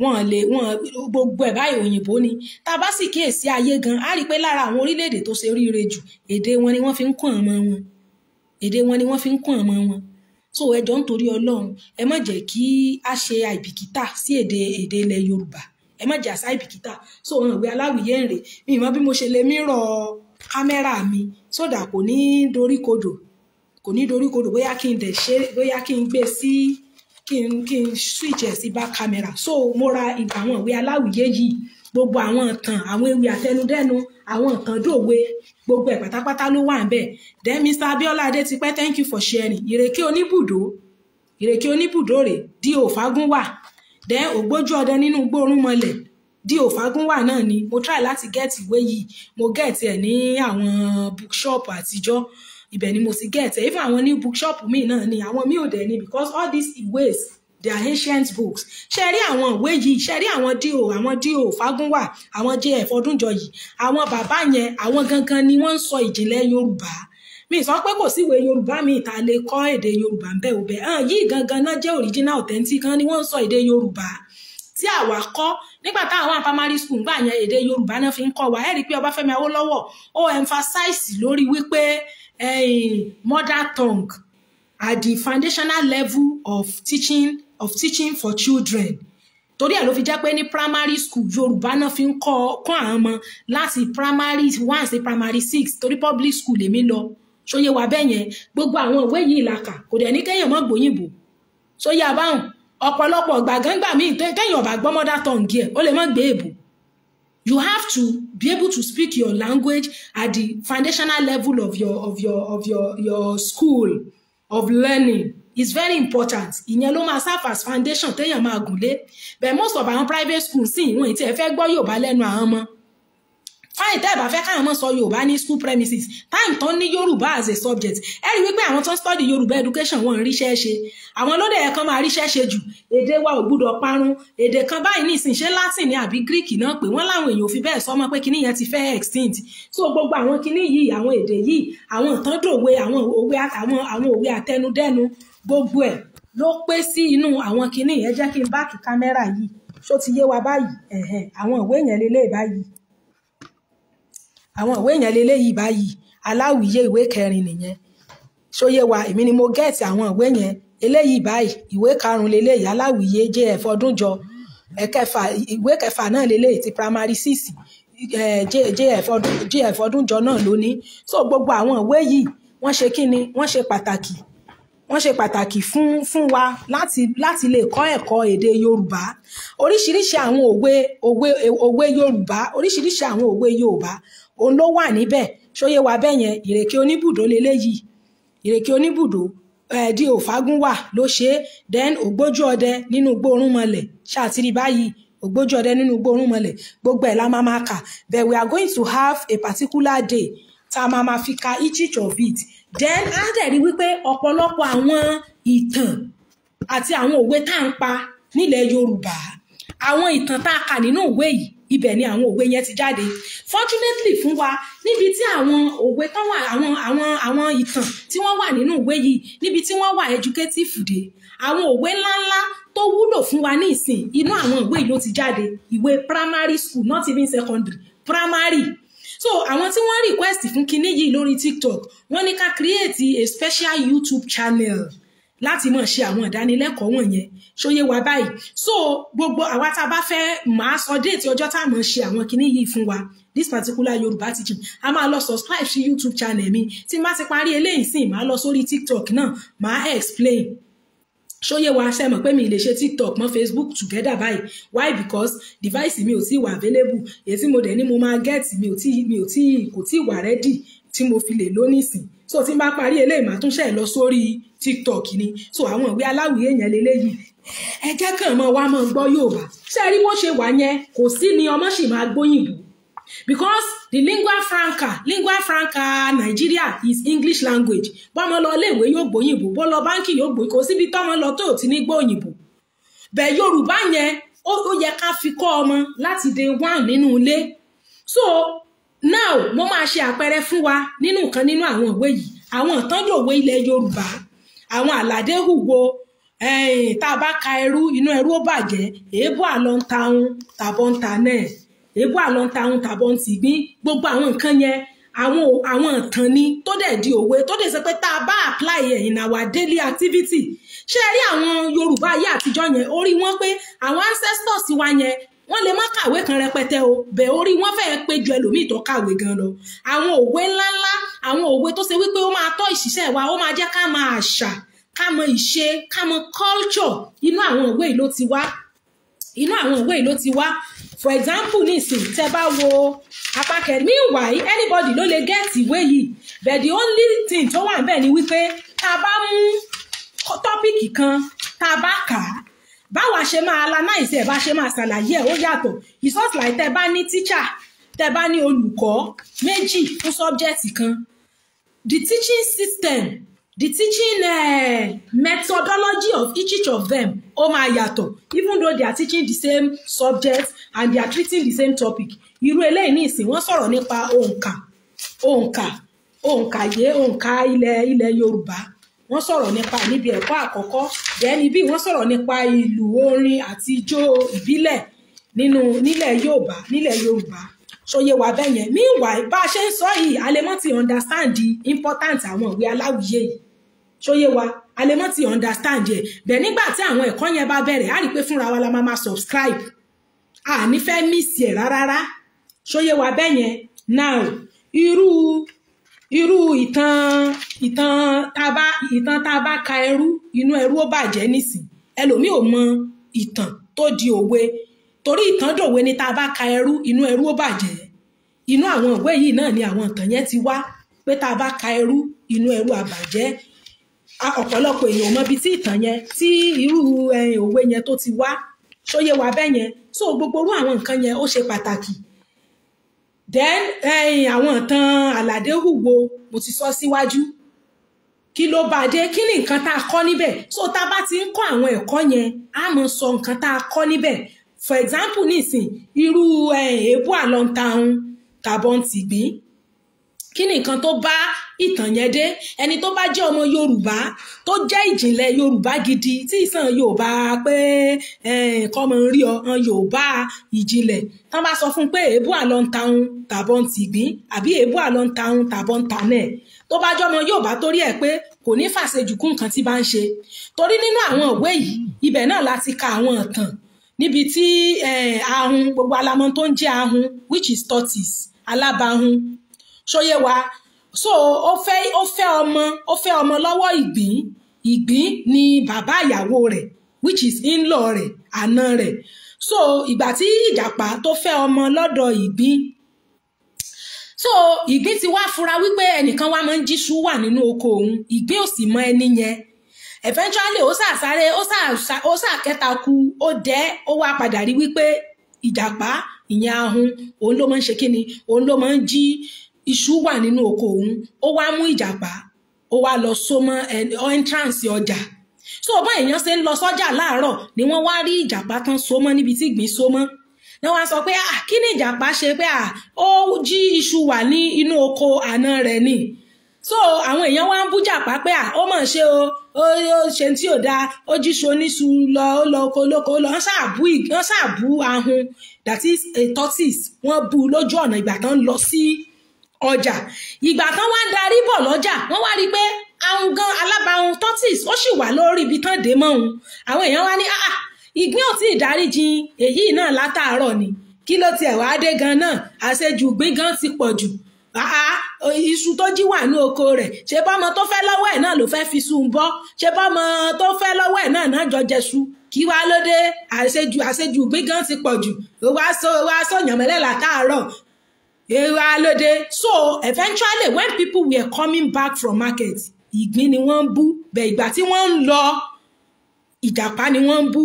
wọ́n lè wọ́n gbogbo ẹ̀ báyìí òyìnbó ni tá a bá sì kíyèsí ayé gan a rí i pé lára àwọn orílẹ̀-èdè tó ṣe oríire jù èdè wọn ni wọ́n fi ń kún ọmọ wọn èdè wọn ni wọ́n fi ń kún ọmọ wọn so ẹ jọ̀ọ́ nítorí ọlọ́run ẹ má jẹ́ kí a ṣe àìbìkítà sí èdè èdè ilẹ̀ yorùbá ẹ má jẹ́ àṣà àìbìkítà so ọ̀hún ìwé aláwìyé èrè mi ìmọ̀ bí mo ṣe lè mí rọ̀ ọ́ kámẹ́rà mi sódà kò ní doríkodò kò ní doríkodò bóyá kí n dẹ̀ ṣe bóyá kí n gbé sí kí n kí n switch ẹ̀ sí back camera so mo ra àwọn ìwé aláwìyé yìí gbogbo àwọn ìtàn àwọn ewì àtẹnudẹ́nu àwọn ìtàn dòwe gbogbo ẹ̀ pátápátá ló wà ńbẹ̀ then Mr. Abiola Adetipe thank you for sharing ìrèké oníbùdó ìrèké oníbùdó rè di òfagún wà then ògbójú ọdẹ nínú gbórùn mọlẹ̀ d òfagúnwà náà ni mo try láti get ìwé yìí mo get ẹ̀ ní àwọn bookshop àtijọ́ ibẹ̀ ni mo ti get ẹ̀ even àwọn ní bookshop míì náà ni àwọn mi ò dẹ̀ ni because all these ìwés they are ancient books ṣe rí àwọn ìwé yìí ṣe rí àwọn d o àwọn d o fagúnwà àwọn jf ọdúnjọ yìí àwọn bàbá yẹn àwọn gangan ni wọ́n ń sọ ìjìnlẹ̀ yorùbá mi sọ pé kò síwèé yorùbá mi ta lè kọ́ èdè yorùbá ń bẹ ò bẹ hàn yìí gangan náà jẹ́ original authentic kan ni wọ́n ń sọ èdè yorùbá tí àwa kọ́ nígbà táwọn wà primary school gbà yẹn èdè yorùbá náà fi ń kọ́ wa ẹ rí i pé ọbáfẹ́mi awólọ́wọ̀ ó emphasize lórí wípé eh, mother tongue at the foundational level of teaching of teaching for children torí ẹ̀ ló fi jẹ́ pé ní primary school yorùbá náà fi ń kọ́ kọ́ àwọn ọmọ láti primary one sí primary six torí public school lèmi lọ ṣóyè wà bẹ́ẹ̀ yẹn gbogbo àwọn ìwé yìí làkà kò dẹ̀ ní kéèyàn mọ́ gbòyìnbó ṣóyè abáhùn ọ̀pọ̀lọpọ̀ gbàgángbà míì téèyàn bá gbọ́ mother tongue ẹ̀ ó lè má gbé èbò you have to be able to speak your language at the foundational level of your of your of your your school of learning is very important ìyẹn ló máa serve as foundation téèyàn máa gùn lé but most of our private schools sì wọ́n ti ẹ̀ fẹ́ gbọ́ Yorùbá lẹ́nu àwọn ọmọ táyì tẹ́ ẹ̀ bá fẹ́ káwọn ọmọ sọ yorùbá ní school premises táyì tán ní yorùbá as a subject ẹ rí wípé àwọn tó ń study yorùbá education wọn ń ríṣẹ́ ṣe àwọn lóde ẹ̀kan máa ríṣẹ́ ṣe jù èdè wa ò gbúdọ̀ parun èdè kan báyìí ní ìsìn latin ni àbí greek náà pé wọ́n láwọn èèyàn ò fi bẹ́ẹ̀ sọmọ pé kinní yẹn ti fẹ́ extinct so gbogbo àwọn kinní yìí àwọn èdè yìí àwọn ìtàn dòwe àwọn òwe àwọn àwọn òwe àtẹnudẹ́nu gbogbo ẹ̀ ló pé sí inú àwọn kinní àwọn ìwé yẹn leléyìí báyìí aláwìyé ìwé kẹrin nìyẹn ṣóyé wa èmi ni mo gẹ́ẹ̀tì àwọn ìwé yẹn eléyìí báyìí ìwé karùn-ún leléyìí aláwìyé jf ọdúnjọ ẹ̀kẹfà ìwé kẹfà náà leléyìí ti primary six jf ọdúnjọ náà ló ní so gbogbo àwọn ìwé yìí wọ́n ṣe kí ni wọ́n ṣe pàtàkì wọ́n ṣe pàtàkì fún fún wa láti láti lè kọ́ ẹ̀kọ́ èdè yorùbá oríṣiríṣi àwọn òwe òwe òwe yorùbá oríṣiríṣi àwọn òwe yorùbá òun ló wà níbẹ̀ ṣóyé wa bẹ́ẹ̀ yẹn ìrèké oníbùdó leléyìí ìrèké oníbùdó ẹ̀ẹ́dì òfágún wà ló ṣe é then ògbójú ọdẹ nínú gbóòórùn mọlẹ̀ ṣàtìrí báyìí ògbójú ọdẹ nínú gbóòórùn mọlẹ̀ gbogbo ẹ̀ la máa máa kà but we are going to have a particular day tá a máa máa fi ka each each of it then á dẹ̀ rí wípé ọ̀pọ̀lọpọ̀ àwọn ìtàn àti àwọn òwe tá à ń pa nílẹ̀ Yorùbá àwọn ìtàn tá a kà nínú òwe yìí ibẹ̀ ni àwọn òwe yẹn ti jáde fortunately fún wa níbi tí àwọn òwe tán wà àwọn àwọn àwọn ìtàn tí wọ́n wà nínú ìwé yìí níbi tí wọ́n wà educative dé àwọn òwe ńláńlá tó wúlò fún wa ní ìsìn inú àwọn ìwé yìí ló ti jáde ìwé primary school not even secondary primary so àwọn tí wọ́n request fún kinní yìí lórí tiktok wọ́n ní ká create a special youtube channel láti máa ṣe àwọn ìdánilẹ́kọ̀ọ́ wọ̀nyẹn ṣóyé wa báyìí so gbogbo àwa tá a bá fẹ́ máa sọ déètì ọjọ́ tá a máa ṣe àwọn kinní yìí fún wa this particular Yorùbá teaching a máa lọ subscribe sí YouTube channel mi tí n bá ti parí eléyìí sìn máa lọ sórí TikTok náà máa explain ṣóyè wa ṣe mọ̀ pé mi lè ṣe tiktok mọ́ facebook together báyìí why because device mi ò tí wà available èyí tí mo dẹ̀ ní mo máa get mi ò tí mi ò tí kò tí wà ready tí mo fi lè lónìsìn so tí n bá parí eléyìí màá tún ṣe lọ sórí tiktok ni so àwọn ìwé aláwìyé yẹn leléyìí ẹ jẹ́ kàn mọ́ wa máa gbọ́ yorùbá ṣé rí bó ṣe wà yẹn kò sí ni ọmọ sì máa gbóyìnbó because the lingua franca lingua franca Nigeria is English language bọ́mọ lọ iléèwé yóò gbóyìnbó bó lọ báńkì yóò gbóyìnbó kò síbi tọ́mọ lọ tó ti ní gbóyìnbó bẹ́ẹ̀ yorùbá yẹn ó yẹ ká fi kọ́ ọmọ láti day one nínú ilé so now mo máa ṣe àpẹẹrẹ fún wa nínú kan nínú àwọn ìwé yìí àwọn ìtọ́jú òwe ilẹ̀ yorùbá àwọn àlàdé hùwò tá a bá ka ẹrú inú ẹrú ó bàjẹ́ èébú àlọ́ ń ta ohun tàbọ̀ ń ta náà èébú àlọ́ tàbọ̀ ń tìgbín gbogbo àwọn nǹkan yẹn àwọn àwọn ìtàn tó dẹ̀ di òwe tó dẹ̀ sọ pé tá a bá apply ẹ̀ in our daily activity ṣé ẹ rí àwọn yorùbá ayé àtijọ́ yẹn orí wọn pé àwọn ancestors wa yẹn wọ́n lè má kàwé kan rẹpẹtẹ o bẹ̀ orí wọ́n fẹ́ẹ́ péjọ ẹlòmíì tó kàwé gan lọ àwọn òwe ńláńlá àwọn òwe tó ṣe wípé ó máa tọ́ ìṣiṣẹ́ wa ó máa jẹ́ ká máa àṣà ká mọ ìṣe ká mọ culture inú àwọn òwe yìí ló ti wá inú àwọn òwe yìí ló ti wá for example nísìn tẹ bá wo apá meanwhile anybody ló lè get ìwé yìí but the only thing tó wà níbẹ̀ ni wípé tá a bá mú tọ́pìkì kan tá a bá kà á báwa ṣe máa alanáìsí ẹ̀ bá ṣe máa ṣàlàyé ẹ̀ ó yàtọ̀ ìsọ́ọ̀tì láì tẹ́ bá ní tíṣà tẹ́ bá ní olùkọ́ méjì fún sọ́bjẹ́tì kan the teaching system the teaching uh, methodology of each, each of them ó máa yàtọ̀ even though they are teaching the same subject and they are treating the same topic irú eléyìí ní ìsìn wọ́n sọ̀rọ̀ nípa òǹkà òǹkà òǹkàyé òǹkà ilẹ̀ ilẹ̀ Yorùbá wọ́n sọ̀rọ̀ nípa níbi ẹ̀kọ́ àkọ́kọ́ bẹ́ẹ̀ni bí wọ́n sọ̀rọ̀ nípa ìlù orin àti ijó ìbílẹ̀ nínú nílẹ̀ Yorùbá nílẹ̀ Yorùbá ṣòye wà bẹ́ẹ̀ yẹn meanwhile bá a ṣe ń sọ yìí àlẹ́mọ́ ti understand the important àwọn ìwé aláwìyé yìí ṣòye wa àlẹ́mọ́ ti understand yẹ bẹ́ẹ̀ nígbà tí àwọn ẹ̀kọ́ yẹn bá bẹ̀rẹ̀ á rí i pé fúnra wa la máa máa subscribe à ní fẹ́ miss ẹ̀ rárá ṣòye wa bẹ́ẹ̀ yẹn now irú irú ìtàn ìtàn taba ìtàn taba ka ẹrú inú ẹrú ó bàjẹ́ nísìn ẹlòmíì ò mọ ìtàn tó di òwe torí ìtàn dòwe ni tábà ka ẹrú inú ẹrú ó bàjẹ́ inú àwọn ìwé yìí náà ni àwọn ìtàn yẹn ti wá pé tábà ka ẹrú inú ẹrú àbàjẹ́ ọ̀pọ̀lọpọ̀ èèyàn mọ ibi tí ìtàn yẹn tí irú eh, òwe yẹn tó ti wá ṣóyé wa bẹ́ẹ̀ yẹn so gbogbo irú àwọn nǹkan yẹn ó ṣe pàtàkì then ẹ̀yìn eh, àwọn ìtàn àlàdé hùwò mo ti sọ síwájú kí ló bá dé kí ni nǹkan tá a kọ́ níbẹ̀ so tá a bá ti ń kọ́ àwọn ẹ̀kọ́ yẹn a mọ̀ sọ nǹkan tá a kọ́ níbẹ̀ for example nísìn irú eh, èébú àlọ́ntàun tàbọ̀ntìgbín kí ni nǹkan tó bá ìtàn yẹn dé ẹni tó bá jẹ́ ọmọ yorùbá tó jẹ́ ìjìnlẹ̀ yorùbá gidi tí ìsàn yorùbá pé kọ́mọ ń rí ọ yorùbá ìjìnlẹ̀ tán bá sọ fún pé èébú àlọ́ ń taun tàbọ̀ ń tìgbín àbí èébú àlọ́ ń taun tàbọ̀ ń tanẹ̀ tó bá jẹ́ ọmọ yorùbá torí ẹ̀ pé kò ní fàṣejù kún nǹkan tí bá ń ṣe torí nínú àwọn òwe yìí ibẹ̀ náà láti ka àwọn ìtàn níbi tí ahun gbogbo alamọ tó ń jẹ́ ahun which is tortoise alábàáhùn ṣóyé wa so ó fẹ́ ó fẹ́ ọmọ ó fẹ́ ọmọ lọ́wọ́ ìgbín ìgbín ni bàbá ìyàwó rẹ̀ which is in-law rẹ̀ àna rẹ̀ so ìgbà tí ìjàpá tó fẹ́ ọmọ lọ́dọ̀ ìgbín so ìgbín ti wá fura wípé ẹnìkan wá máa ń jíṣu wà nínú oko òun ìgbín ò sì mọ ẹni yẹn eventually ó sàsáré ó sàkẹta ku ó dẹ ó wá padà rí wípé ìjàpá ìyẹn ahun òun ló máa ń ṣe kíni òun ló máa ń jí iṣu wà nínú oko òun ó wá mú ìjàpá ó wá lọ so mọ́ eh, entrance ọjà so bá èèyàn ṣe ń lọ sọ́jà láàárọ̀ ni wọ́n wá rí ìjàpá tán so mọ́ níbi tí ìgbín so mọ́ ni wọ́n sọ pé ah kí ni ìjàpá ṣe pé ah ó jí iṣu wà ní inú oko àná rẹ̀ ni so àwọn èèyàn wá ń bújàpá pé ah ó mọ̀ ṣe o ó ṣe tí ò dáa ó jí iṣu oníṣu lọ ó lọ oko olóko ó lọ wọ́n ṣàbú wọ́n ṣàbú ahun that is a tortoise wọ́n bu lójú ọ̀nà ìgbà tán lọ sí ọjà ìgbà kan wá ń darí bọ̀ lọ́jà wọ́n wá rí i pé àwọn gan alábàáhùn tortoise ó sì wà lórí ibi tán dé mọ́ òun àwọn èèyàn wá ní áà ah, ah, ìgbín ò tí ì dáríjin èyí náà látàárọ̀ ni kí ló tiẹ̀ wá dé gan náà àṣejù gbín gan ti pọ̀ jù ah, iṣu tó jí wà ní oko rẹ̀ ṣe bọ́mọ tó fẹ́ lọ́wọ́ ẹ̀ náà ló fẹ́ fi sùn bọ́ ṣe bọ́mọ tó fẹ́ lọ́wọ́ ẹ̀ náà náà jọ jẹṣu kí wá ló dé àṣejù àṣejù gbín gan ti pọ̀ jù ó wá sọ ó wá sọ yànmẹ́lẹ́ látàárọ̀ ewalode so eventually when people were coming back from market ìgbín ni wọ́n ń bú bẹ̀ ìgbà tí wọ́n ń lọ ìjàpá ni wọ́n ń bú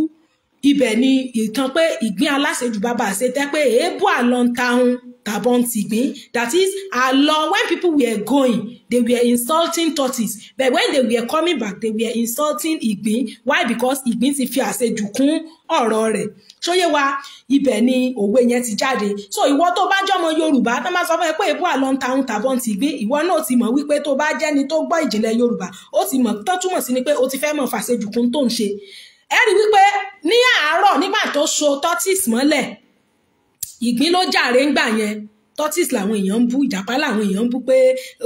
ibẹ̀ ni ìtàn pé ìgbín aláṣejù bàbá àṣetẹ́ pé èébú àlọ́ ń ta òun carbon tigbin that is alọ when people were going they were insulting tortoise but when they were coming back they were insulting Igbin. why because ìgbín ti fi àṣejù kún ọ̀rọ̀ rẹ̀ ṣóyé wa ibẹ̀ ni òwe yẹn ti jáde so ìwọ tó bá jọmọ yorùbá tó máa sọ fún ẹ pé èbú àlọ́ ń ta ohun tàbọ̀ ti gbé ìwọ náà ti mọ̀ wípé tó bá jẹ́ni tó gbọ́ ìjìnlẹ̀ yorùbá ó ti mọ̀ tó túmọ̀ sí ni pé ó ti fẹ́ mọ̀ fàṣejù kún tó ń ṣe ẹ rí wípé ní àárọ̀ nígbà tó so tortoise mọ́lẹ̀ ìgbín ló jàre ńgbà yẹn tortoise làwọn èèyàn ń bú ìjàpá làwọn èèyàn ń bú pé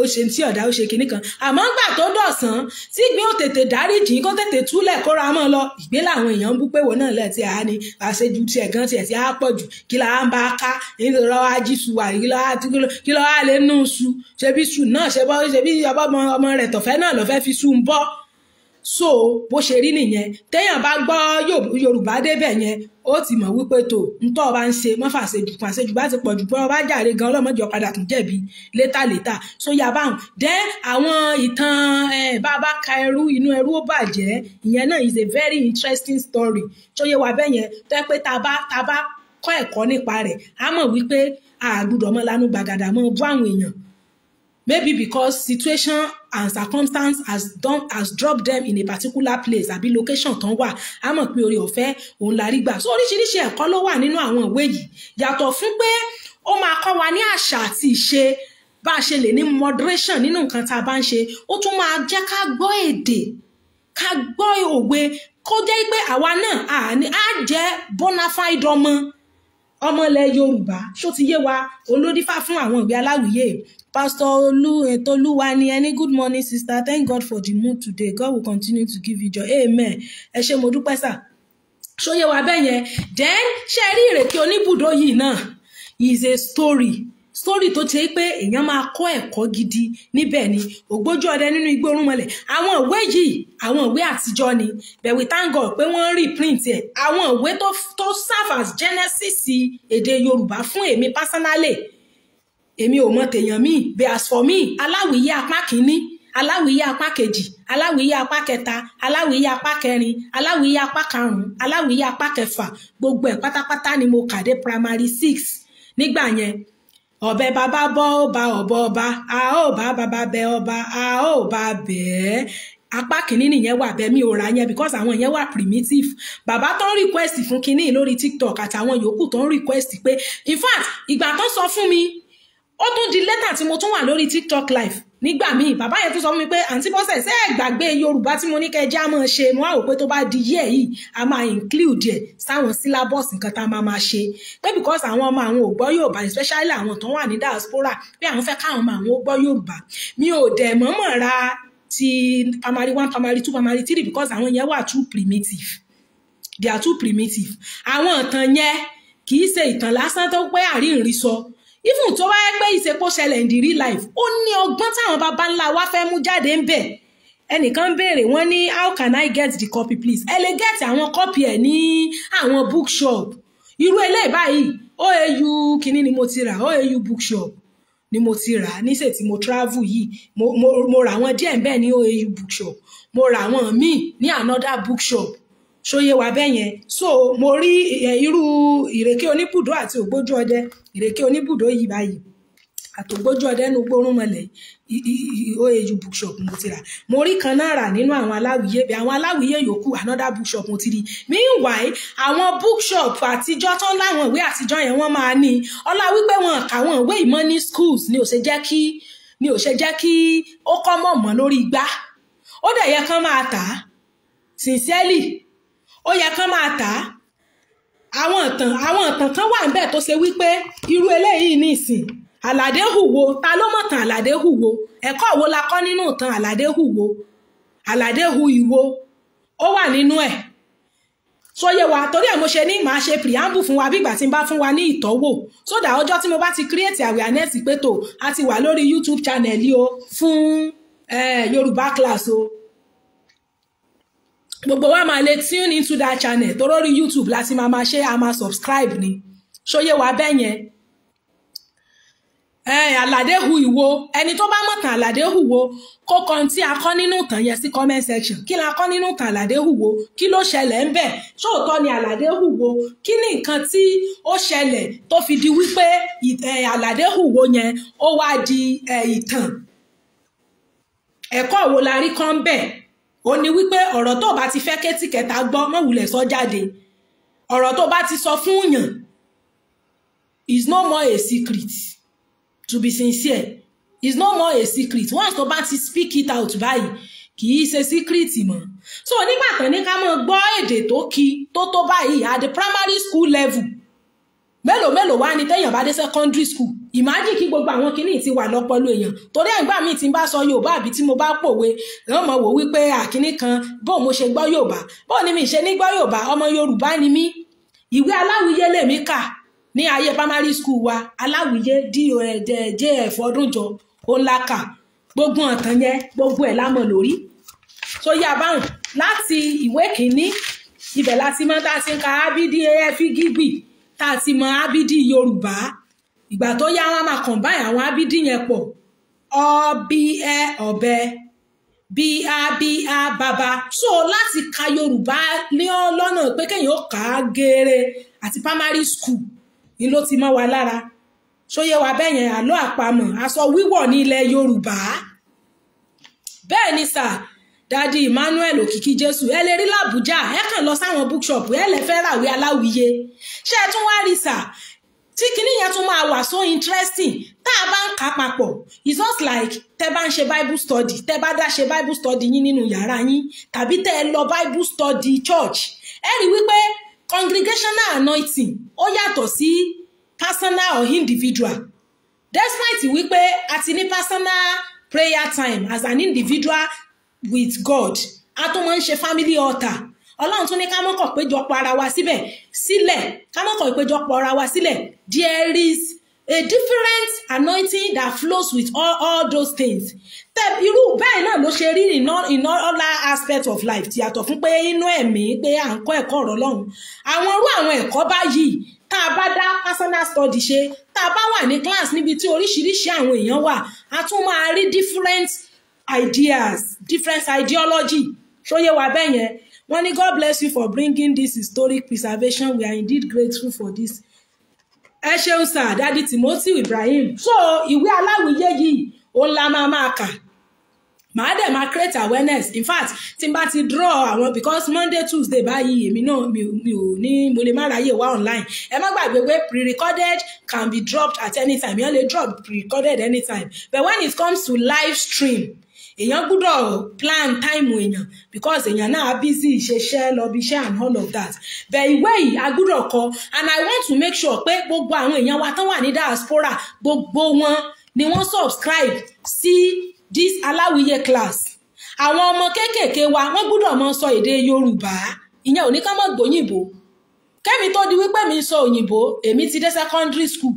ó ṣe tí ọ̀dà ó ṣe kinní kan àmọ́ ńgbà tó dọ̀sán tí ìgbín ò tètè dáríjì kó tètè túlẹ̀ kóra mọ́ lọ ìgbín làwọn èèyàn ń bú pé wọ́n náà lẹ̀ tí a ní àṣejù tiẹ̀ gan tiẹ̀ tí a pọ̀ jù kí la ń bá a ká nítorí ọwọ́ ají su wà kí lọ́wọ́ alẹ́ nù su ṣebí su náà ṣebí ọmọ rẹ̀ tọ̀fẹ́ náà lọ́fẹ́ fi su ń bọ́ so bó ṣe rí nìyẹn téèyàn bá gbọ́ yorùbá débẹ̀ yẹn ó ti mọ̀ wípé tó ntọ́ ọba ń ṣe mọ́fà ṣèjù kan ṣèjù bá ti pọ̀jù bọ́ ọba jàre gan ọlọ́mọdé ọ̀padà tún jẹ̀bi létà so yaba hàn dẹ́ àwọn ìtàn bàbá ka ẹrú inú ẹrú ó bàjẹ́ ìyẹn náà is a very interesting story tó yẹ wà bẹ́ẹ̀ yẹn tó yẹ pé tá a bá kọ́ ẹ̀kọ́ nípa rẹ̀ á mọ̀ wípé àgbùdọ̀ mọ́ lanu gbàgàdà mọ́ bú àwọn èèyàn maybe because situation and circumstance has done has dropped them in a particular place àbí location tán wa. á mọ̀ pé orí ọ̀fẹ́ òun la rí gbà so oríṣiríṣi ẹ̀kọ́ ló wà nínú àwọn ìwé yìí yàtọ̀ fún pé ó máa kọ́ wa ní àṣà àti ìṣe bá a ṣe lè ní moderation nínú nǹkan tá a bá ń ṣe ó tún máa jẹ́ ká gbọ́ èdè ká gbọ́ òwe kó jẹ́ pé àwa náà á jẹ́ bona fide ọmọ ọmọ ilẹ̀ Yorùbá ṣó ti yé wa olódífá fún àwọn ìwé aláwìyé Pastor Olu Toluwani any good morning sister thank God for the mood today God will continue to give you joy amen ẹ ṣé mo dúpẹ́ sà ṣóyè wa bẹ́ẹ̀ then ṣe rí ìrèké oníbùdó yìí náà is a story story tó ti pé èèyàn máa kọ́ ẹ̀kọ́ gidi níbẹ̀ ni ògbójú ọdẹ nínú igbó orúnmọlẹ̀ àwọn ìwé yìí àwọn ìwé àtijọ́ ni but we thank God pé wọ́n ń reprint ẹ̀ àwọn ìwé to serve as genesis èdè Yorùbá fún èmi personally èmi ò mọ tèèyàn míì bẹ́ẹ̀ as for me aláwìyé apá kìíní aláwìyé apá kejì aláwìyé apá kẹta aláwìyé apá kẹrin aláwìyé apá karùnún aláwìyé apá kẹfà gbogbo ẹ̀ pátápátá ni mo kà primary six nígbà yẹn ọ̀bẹ bàbá bọ́ ọba ọ̀bọ ọba a ó bá bàbá bẹ ọba a ó bá bẹ́ẹ̀ apá kìíní nìyẹn wà bẹ́ẹ̀ mi ò ra yẹn because àwọn yẹn wà primitive bàbá tó ń request fún kínní lórí TikTok àtàwọn yòókù tó ń request pé in fact ìgbà tó sọ fún mi ó tún di lẹ́tà tí mo tún wà lórí tiktok live nígbà míì bàbá yẹn tún sọ fún mi pé àǹtí bọ́sẹ̀ ṣé ẹ gbàgbé yorùbá tí mo ní kẹ́ ẹ já máa ṣe mo á rò pé tó bá di yẹ́ yìí a máa include ẹ̀ sáwọn sílábọ̀sì nǹkan tá a máa máa ṣe pé because àwọn ọmọ àwọn ò gbọ́ yorùbá especially àwọn tó wà ní diaspora pé àwọn fẹ́ káwọn ọmọ àwọn ó gbọ́ yorùbá mi ò dẹ̀ mọ́mọ́ ra ti primary one primary two primary three because àwọn yẹn wà too primitive they are too primitive àwọn ìtàn yẹn kì í ṣe ìtàn lásán tó pé àríǹrí sọ even tó wáyé pé ìsepo ṣẹlẹ̀ in the real life ó ní ọgbọ́n táwọn bàbá ńlá wa fẹ́ mú jáde ń bẹ̀ ẹnìkan béèrè wọ́n ní how can I get the copy please ẹ lè get àwọn copy ẹ̀ ní àwọn bookshop irú eléyìí báyìí OAU kínní ni mo ti rà OAU bookshop ni mo ti rà níṣẹ́ tí mo travel yìí mo, mo, mo rà wọ́n díẹ̀ bẹ́ẹ̀ ní OAU bookshop mo rà wọ́n míì ní another bookshop ṣòye wà bẹ́ẹ̀ yẹn so mo rí irú ìrèké oníbùdó àti ògbójú ọdẹ ìrèké oníbùdó yìí báyìí àtògbójú ọdẹ nu gbórùn mọlẹ oau bookshop mo ti rà mo rí kan náà rà nínú àwọn aláwìyé bí àwọn aláwìyé yòókù another bookshop mo ti rí meanwhile àwọn bookshop àtijọ́ tó ń láwọn ìwé àtijọ́ yẹn wọ́n máa ní ọlá wípé wọn kà wọn ìwé ìmọ̀ ní schools ni ò ṣe jẹ́ kí ni ò ṣe jẹ́ kí ó kọ́ mọ̀mọ́ lórí igbá ó dẹ̀ yẹ kán máa tà sincerely ó yẹ kán máa tà á àwọn ìtàn àwọn ìtàn kan wà níbẹ̀ tó ṣe wípé irú eléyìí ní ìsìn àlàdé hùwò ta ló mọ̀ tàn àlàdé hùwò ẹ̀kọ́ wo la kọ́ nínú ìtàn àlàdé hùwò àlàdé hu ìwo ó wà nínú ẹ̀ sóyè wa torí ẹ̀ mo ṣe ní màá ṣe preamble fún wa bí ìgbà tí n bá fún wa ní ìtọ́wò sódà ọjọ́ tí mo bá ti create awareness pé tó a ti wà lórí YouTube channel yìí o fún eh, Yorùbá class o gbogbo wa máa lè tune into that channel tó lórí YouTube láti máa máa ṣe a máa subscribe ni ṣóyè wa bẹ́ẹ̀ yẹn àlàdé hu ìwo ẹni tó bá mọ̀tàn àlàdé wo kó kan tí a kọ́ nínú ìtàn yẹn sí comment section kí la kọ́ nínú ìtàn àlàdé wo kí ló ṣẹlẹ̀ ń bẹ̀ ṣóòótọ́ ni àlàdé wo kí ni nǹkan tí ó ṣẹlẹ̀ tó fi di wípé àlàdé hu wo yẹn ó wá di ìtàn ẹ̀kọ́ wo la rí kan bẹ́ẹ̀ ó ní wípé ọ̀rọ̀ tó bá ti fẹ́ kétí kẹta gbọ́ mọ̀wùlẹ̀ sọ jáde ọ̀rọ̀ tó bá ti sọ fún yàn is no more a secret to be sincere is no more a secret once tó bá ti speak it out báyìí kì í ṣe secret mọ́ so nígbà tán ní ká mọ̀ gbọ́ èdè tó ki tó tó báyìí at the primary school level mélòó mélòó wá ní téèyàn bá dé secondary school ìmájì kí gbogbo àwọn kìíní ti wà lọ́pọ̀lọ́ èèyàn torí ẹ̀gbà mi ti bá sọ yorùbá àbí tí mo bá pòwe ràn mọ́ wò wípé àkíní kan bóun mo ṣe gbọ́ yorùbá bóun ni mi ṣe ní gbọ́ yorùbá ọmọ yorùbá ni mí ìwé aláwìyé lèmi kà ní ayé primary school wa aláwìyé dojf e ọdúnjọ òun gbogbo ọ̀tàn yẹn gbogbo ẹ̀ lámọ̀ lórí tó yá báwọn láti ìwé kìíní ibẹ̀ láti mọ́ tá a ti ń ka ábídí afgb tá a ti mọ ábídí yorùbá ìgbà tó yá wọn máa kàn báyìí àwọn abídí yẹn pọ̀ ọ bí ẹ ọ̀bẹ bí a bí a bàbá so láti ka yorùbá ní ọlọ́nà pé kéèyàn ó kà á geere àti primary school ni ló ti mọ́ wa lára ṣóyé wa bẹ́ẹ̀ yẹn àlọ́ àpamọ̀ aṣọ wíwọ̀ ní ilẹ̀ yorùbá bẹ́ẹ̀ ni sà dadi emmanuel òkìkí jésù ẹ lè rí làbújá ẹ kàn lọ sáwọn bookshop ẹ lè fẹ́ ràwé aláwìyé ṣé ẹ tún wá rí sà tí kinní yẹn tún máa wà so interesting tá a bá ń kà papọ̀ it's just like tẹ́ bá ń ṣe bible study tẹ́ bá dá ṣe bible study yín nínú yàrá yín tàbí tẹ́ ẹ lọ bible study church ẹ rí wípé congregational anointing ó yàtọ̀ sí personal or individual despite wípé a ti ní personal prayer time as an individual with God a tún máa ń ṣe family altar ọlọ́run tún ní ká mọ́kàn péjọpọ̀ ara wa síbẹ̀ sílẹ̀ ká mọ́kàn péjọpọ̀ ara wa sílẹ̀ there is a different anointing that flows with all all those things tẹ irú bẹ́ẹ̀ náà ló ṣe rí in all in all other aspects of life ti yàtọ̀ fún pé inú ẹ̀mí pé à ń kọ́ ẹ̀kọ́ ọ̀rọ̀ ọlọ́run àwọn irú àwọn ẹ̀kọ́ báyìí tá a bá dá personal study ṣe tá a bá wà ní class níbi tí oríṣiríṣi àwọn èèyàn wà a tún máa rí different ideas different ideology ṣóyé wa bẹ́ẹ̀ yẹn wọ́n ní God bless you for bringing this historic preservation we are indeed grateful for this. ẹ ṣeun sir dadi Timothy Ibrahim so ìwé aláwìyé yìí òun la máa máa kà màá dẹ̀ máa create awareness in fact tí n bá ti draw àwọn because monday tuesday báyìí èmi náà mi ò ní mo lè má ráyè wá online ẹ má gbàgbé pé pre-recorded can be dropped at any time yẹn lè drop pre-recorded anytime but when it comes to live stream èèyàn gbúdọ̀ plan time èèyàn because èèyàn náà busy ṣeṣẹ́ lọ́bi iṣẹ́ and all of that but ìwé yìí a gbúdọ̀ kọ and I want to make sure pé gbogbo àwọn èèyàn wa tán wà ní diaspora gbogbo wọn ni wọ́n subscribe sí this aláwìyé class àwọn ọmọ kéékèèké wa wọ́n gbúdọ̀ mọ sọ èdè Yorùbá ìyẹn ò ní ká mọ̀ gbòyìnbó kẹ́mi tó di wípé mi sọ òyìnbó èmi ti dé secondary school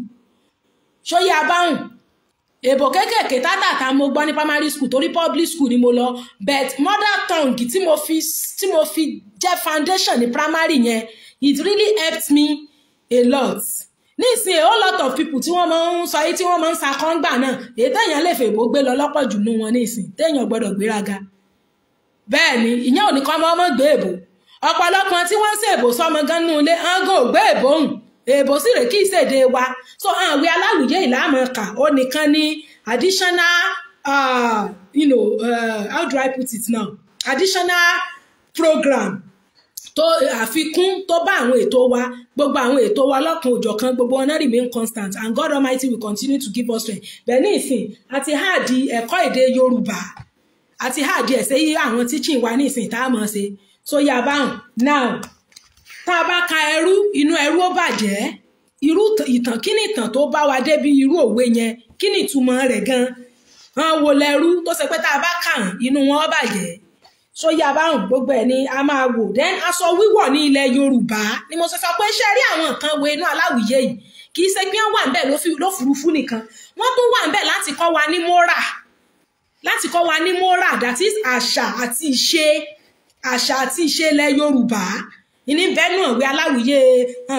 ṣóyè abáhùn èbò kéékèèké tátàtà mo gbọ́ ní primary school torí public school ni mo lọ but mother tongue tí mo fi tí mo fi jẹ́ foundation ní primary yẹn it really helped me a lot nísìn a whole lot of people tí wọ́n máa ń sọ yìí tí wọ́n máa ń sakọ́ngbà náà èyí téèyàn lè fèbó gbé lọ lọ́pọ̀ jù nú wọn nísìn téèyàn gbọ́dọ̀ gbéraga bẹ́ẹ̀ ni ìyẹn ò ní kọ́ ọmọ ọmọ gbé èbò ọ̀pọ̀lọpọ̀ tí wọ́n ń ṣèbò sọmọ gan nínú ilé hàn gò èbò hùn èèbò sì rè kí ìṣèdè wa so àwẹ aláwùjẹ ìlànà kà ó nìkan ní additional uh, you know, uh, how do I put it now additional program tó àfikún tó bá àwọn ètò wa gbogbo àwọn ètò wa lọ́kùn òjọ̀kan gbogbo ọ̀nà remain constant and God Almighty will continue to give us strength bẹ́ẹ̀ ní ìsìn àti háàdì ẹ̀kọ́ èdè Yorùbá àti háàdì ẹ̀sẹ̀ yí àwọn teaching wa ní ìsìn tá a mọ̀ ṣe so yà báhùn now tá a bá ka ẹrú inú ẹrú ó bàjẹ́ irú ìtàn kí ni ìtàn tó bá wa dé bí irú òwe yẹn kí ni ìtumọ̀ rẹ̀ gan an wo lẹ́rú tó ṣe pé tá a bá kà inú wọn ó bàjẹ́ sóyà báwọn gbogbo ẹ̀ ni a máa wò then aṣọ wíwọ̀ ní ilẹ̀ Yorùbá ni mo ṣe sọ pé ṣe rí àwọn nǹkan wo inú aláwìyé yìí kì í ṣe pé wọ́n wà níbẹ̀ lófurufú nìkan wọ́n tún wà níbẹ̀ láti kọ́ wa ní mọ́rà láti kọ́ wa ní mọ́rà that is àṣà àti ìṣe àṣà àti ìṣe ilẹ̀ Yorùbá ìní bẹ́nu ìwé aláwìyé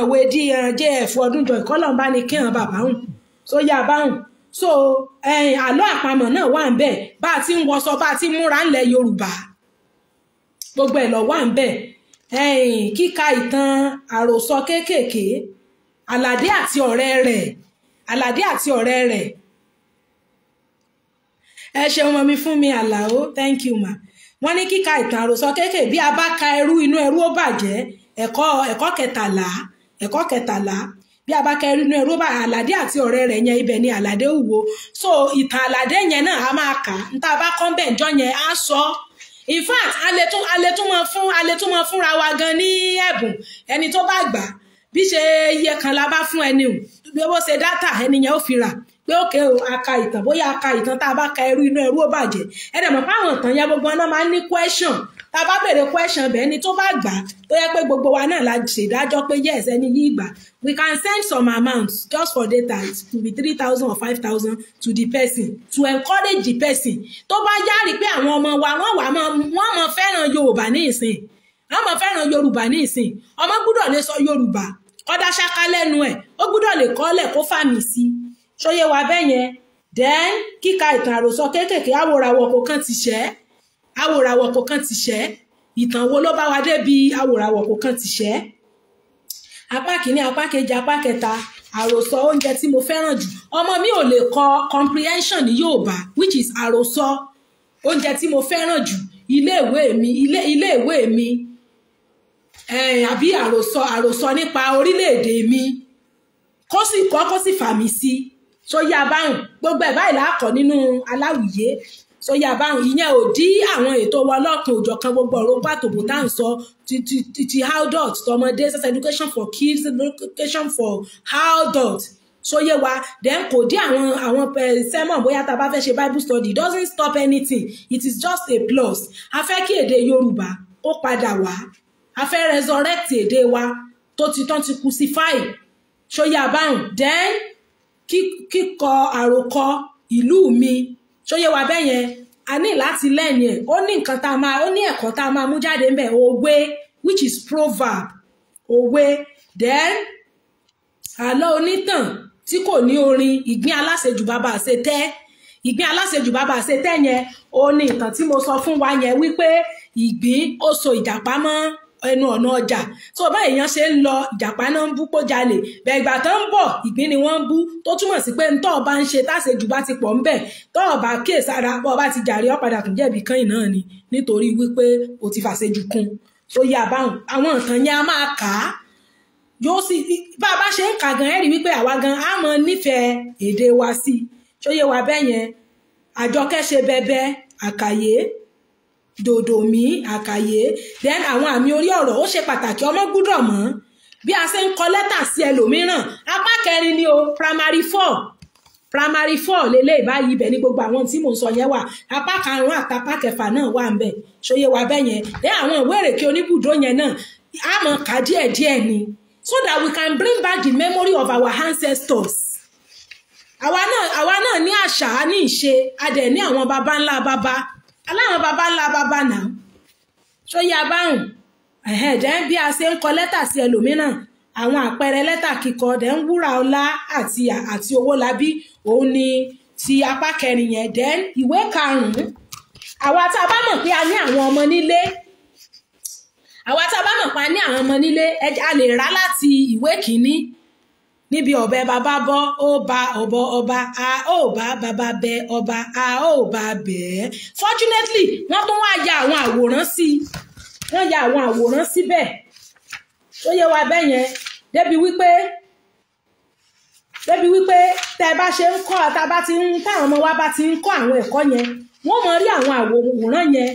ìwé djf ọdún jọ ìkọ́lọ̀ bá ní kí hàn bàbá hùn tó yá bá hùn so àlọ́ àpamọ̀ náà wà ń bẹ̀ bá a ti ń wọṣọ bá a ti múra ńlẹ̀ yorùbá gbogbo ẹ̀ lọ wà ń bẹ̀ kíka ìtàn àròsọ kéékèèké àlàdé àti ọ̀rẹ́ rẹ̀ àlàdé àti ọ̀rẹ́ rẹ̀ ẹ ṣeun mọ mi fún mi àlàó thank you ma wọ́n ní kíka ìtàn àròsọ kéékèèké bí a bá ka ẹrú inú ẹrú ó bàjẹ́ ẹ̀kọ́ ẹ̀kọ́ kẹtàlá ẹ̀kọ́ kẹtàlá bí abákẹ́ nínú ẹ̀rú bá àlàdé àti ọ̀rẹ́ rẹ̀ yẹn ibẹ̀ ni àlàdé wúwo so ìtàn àlàdé yẹn náà a máa kà á níta bá kọ́ńbẹ̀ jọ yẹn á sọ ọ́ in fact a lè tún a lè a lè tún máa fúnra wa gan ní ẹ̀bùn ẹni tó bá gbà bí ṣe iye kan la bá fún ẹni o bí ó ṣe dátà ẹni yẹn ó fi rà pé òkè o a ka ìtàn bóyá a ka ìtàn tá a bá ka ẹrú inú ẹrú ó bàjẹ́ ẹ̀rẹ̀ mọ̀ fáwọn ìtàn yẹn gbogbo ọ̀nà máa ń ní question tá a bá béèrè question bẹ́ẹ̀ ni tó bá gbà tó yẹ pé gbogbo wa náà la ṣèdájọ́ pé yes ẹni yìí gbà we can send some amount just for data it could be three thousand or five thousand to the person to encourage the person tó bá yáàrí pé àwọn ọmọ wa wọ́n wà wọ́n mọ fẹ́ràn Yorùbá ní ìsìn wọ́n mọ fẹ́ràn Yorùbá ní ìsìn ọmọ gbúdọ̀ lè sọ Yorùbá kọ́dá ṣáká lẹ́nu ẹ̀ ó gbúdọ̀ lè kọ́lẹ̀ kó fàmì sí ṣóyé wa bẹ́ẹ̀ yẹn then kíka ìtàn àròsọ kéékèèké àwòràwọ̀ kò kàn ti ṣẹ́ awòràwọ̀ kò kàn ti ṣẹ́ ìtàn wo ló bá wa débi awòràwọ̀ kò kàn ti ṣẹ́ apá kìíní apá kejì apá kẹta àròsọ oúnjẹ tí mo fẹ́ràn jù ọmọ mi ò lè kọ comprehension ní Yorùbá which is àròsọ oúnjẹ tí mo fẹ́ràn jù iléèwé mi iléèwé mi eh, àbí àròsọ àròsọ nípa orílẹ̀-èdè mi kó sì kọ́ kó sì fà mí sí tó yá báyìí gbogbo ẹ̀ báyìí láàkọ́ nínú aláwìyé so yàbá ìyẹn ò dí àwọn ètò wa lọ́kàn òjọ̀kan gbogbo ọ̀rọ̀ pàtòbò tá à ń sọ ti ti ti how dot tọmọdé sex education for kids education for how dot sóyè so wa then kò dí àwọn àwọn eh, sermon bóyá tá a bá fẹ́ ṣe bible study it doesn't stop anything it is just a plus a fẹ́ kí èdè yorùbá ó padà wá a fẹ́ resurrect èdè wa tó ti tán ti crucify sóyè àbáhùn then kíkọ àròkọ ìlú mi ṣóyè wà bẹ́ẹ̀ yẹn a ní láti lẹ́yìn ẹ̀ ó ní nǹkan tá a máa ó ní ẹ̀kọ́ tá a máa mú jáde ń bẹ̀ òwe which is proverb òwe then àlọ́ onítàn tí kò ní orin ìgbín aláṣejù bàbá àṣetẹ́ ìgbín aláṣejù bàbá àṣetẹ́ yẹn ó ní nǹkan tí mo sọ fún wa yẹn wípé ìgbín ó so ìjàpá mọ́ ẹnu ọ̀nà ọjà tó bá èèyàn ṣe ń lọ ìjàpá náà ń bú pó jalè bẹ̀gbà tó ń bọ̀ ìgbín ni wọ́n ń bú tó túmọ̀ sí pé ntọ́ ọba ń ṣe táṣe jù bá ti pọ̀ ńbẹ̀ tọ́ ọba kíè sára bọ́ ọba ti jàre ọ̀padà tún jẹ̀bi kan náà ni nítorí wípé o ti fàṣejù kún tó yá báwọn àwọn nǹkan yẹn a máa kà á yóò sì bá a bá ṣe ń kà gan ẹ́ rí wípé àwa gan á mọ nífẹ̀ẹ́ èdè wa sí ṣóyè wa bẹ́yẹn àjọkẹ́ ṣe bẹbẹ àkàyé dòdòmí àkàyé then àwọn àmì orí ọ̀rọ̀ ó ṣe pàtàkì ọmọ gbúdọ̀ mọ̀ bí a ṣe ń kọ lẹ́tà sí ẹlòmíràn apá kẹrin ni o primary four primary four lélẹ̀ ìbáyìí ibẹ̀ ní gbogbo àwọn tí mò ń sọ yẹn wà apá karùn-ún àtàpá kẹfà náà wà ń bẹ̀ ṣòye wà bẹ́ẹ̀ yẹn then àwọn ìwé èrèké oníbùdó yẹn náà a mọ̀ ká díẹ̀díẹ̀ ni so that we can bring back the memory of our ancestors àwa náà àwa náà ní àṣà ní ìṣe a dẹ̀ ní àwọn baba ńlá baba aláwọn baba ńlá baba náà tó yá báhùn ẹ̀hẹ̀dẹ́ bí a ṣe ń kọ lẹ́tà sí ẹlòmíràn àwọn àpẹẹrẹ lẹ́tà kíkọ dẹ̀ ń wúrà ọlá àti àti owó labí òun ni ti apá kẹrin yẹn dẹ̀ ìwé karùn-ún àwa tá a bá mọ̀ pé a ní àwọn ọmọ nílé àwa tá a bá mọ̀ pé a ní àwọn ọmọ nílé a lè rà láti ìwé kìíní níbi ọ̀bẹ bàbá bọ́ ó ba ọ̀bọ ọba a ó bá bàbá bẹ ọba a ó bá bẹ́ẹ̀ fortunately wọ́n tún wá ya àwọn àwòrán sí i wọ́n ya àwọn àwòrán síbẹ̀ ó yẹ wa bẹ́ẹ̀ yẹn débi wípé débi wípé tẹ bá ṣe ń kọ́ ta bá ti ń táwọn ọmọ wa bá ti ń kọ́ àwọn ẹ̀kọ́ yẹn wọ́n mọ rí àwọn àwòrán yẹn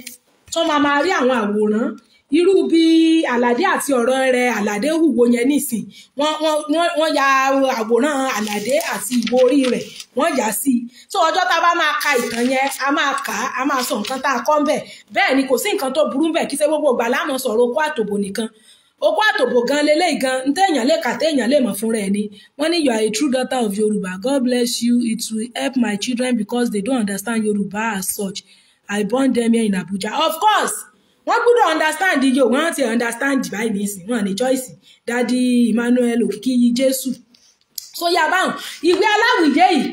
tó máa máa rí àwọn àwòrán irú bí àlàdé àti ọ̀rọ̀ rẹ̀ àlàdé hùwò yẹn nísìn wọ́n wọ́n wọ́n ya àwòrán àlàdé àti ìwo orí rẹ̀ wọ́n yà sí i tó ọjọ́ tá a bá máa ka ìtàn yẹn a máa kà á a máa sọ nǹkan tá a kọ́ ń bẹ̀ bẹ́ẹ̀ ni kò sí nǹkan tó burú bẹ̀ kí sẹ́ gbogbo ìgbà láàmú sọ̀rọ̀ okó àtòbò nìkan okó àtòbò gan leléyìí gan ń téèyàn lè kà téèyàn lè mọ̀ fúnra ẹ̀ ni wọ́n ní you are a true daughter of Yorùbá God bless you it will help my children because they don't understand Yorùbá as such I born them here in Abuja of course wọ́n gbọ́dọ̀ understand iye òun àti understand báyìí nísìn wọn ní choice dadi Emmanuel òkìkí yìí Jésù so yà báwọn ìwé aláwìyé yìí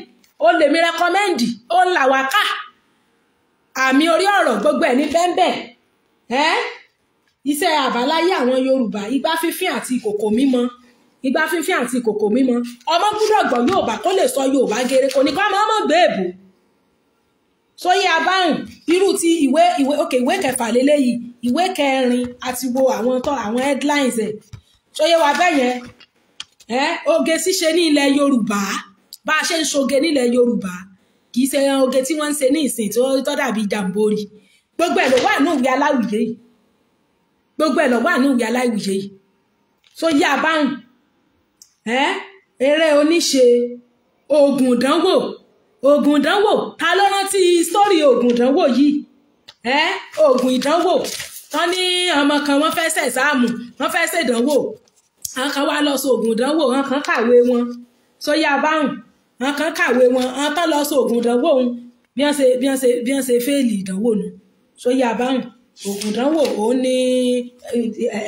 ó lè mi rẹkọmẹ́ǹdì ó ń là wá ká àmì orí ọ̀rọ̀ gbogbo ẹ̀ ní bẹ́ńbẹ́ ẹ́ iṣẹ́ àbáláyé àwọn Yorùbá igbá fífín àti ìkòkò mímọ igbá fífín àti ìkòkò mímọ ọmọ gbọ́dọ̀ gbọ́ Yorùbá kó lè sọ Yorùbá gere kò ní kọ́ ọmọ ọmọ gbé èbò tó yẹ abáhùn irú ti ìwé ìwé ok ìwé kẹfà lélẹ́yìí ìwé kẹrin àti wo àwọn tó àwọn headlines ẹ̀ tó yẹ wá bẹ́ẹ̀ yẹn ẹ́ oge ṣíṣe ní ilẹ̀ Yorùbá bá a ṣe ń ṣoge nílẹ̀ Yorùbá kì í ṣe oge tí wọ́n ń ṣe ní ìsìn tó dàbí jàǹbórì gbogbo ẹ̀ ló wà ní ìwé aláwìyé yìí gbogbo ẹ̀ ló wà ní ìwé aláwìyé yìí tó yẹ abáhùn ẹ́ eré oníṣe oògùn ìdánwò oògùn ìdánwò ta ló rántí sórí oògùn ìdánwò yìí ẹ oògùn ìdánwò wọ́n ní ọmọ kan wọ́n fẹ́ ṣẹ̀sáàmù wọ́n fẹ́ ṣèdánwò àwọn kan wá lọ sí oògùn ìdánwò wọ́n kan kàwé wọn sóyá báhùn wọ́n kan kàwé wọn wọ́n tán lọ sí oògùn ìdánwò òun bí wọ́n ṣe bí wọ́n ṣe bí wọ́n ṣe fẹ́ẹ̀lì ìdánwò nu sóyá báhùn oògùn ìdánwò òun ní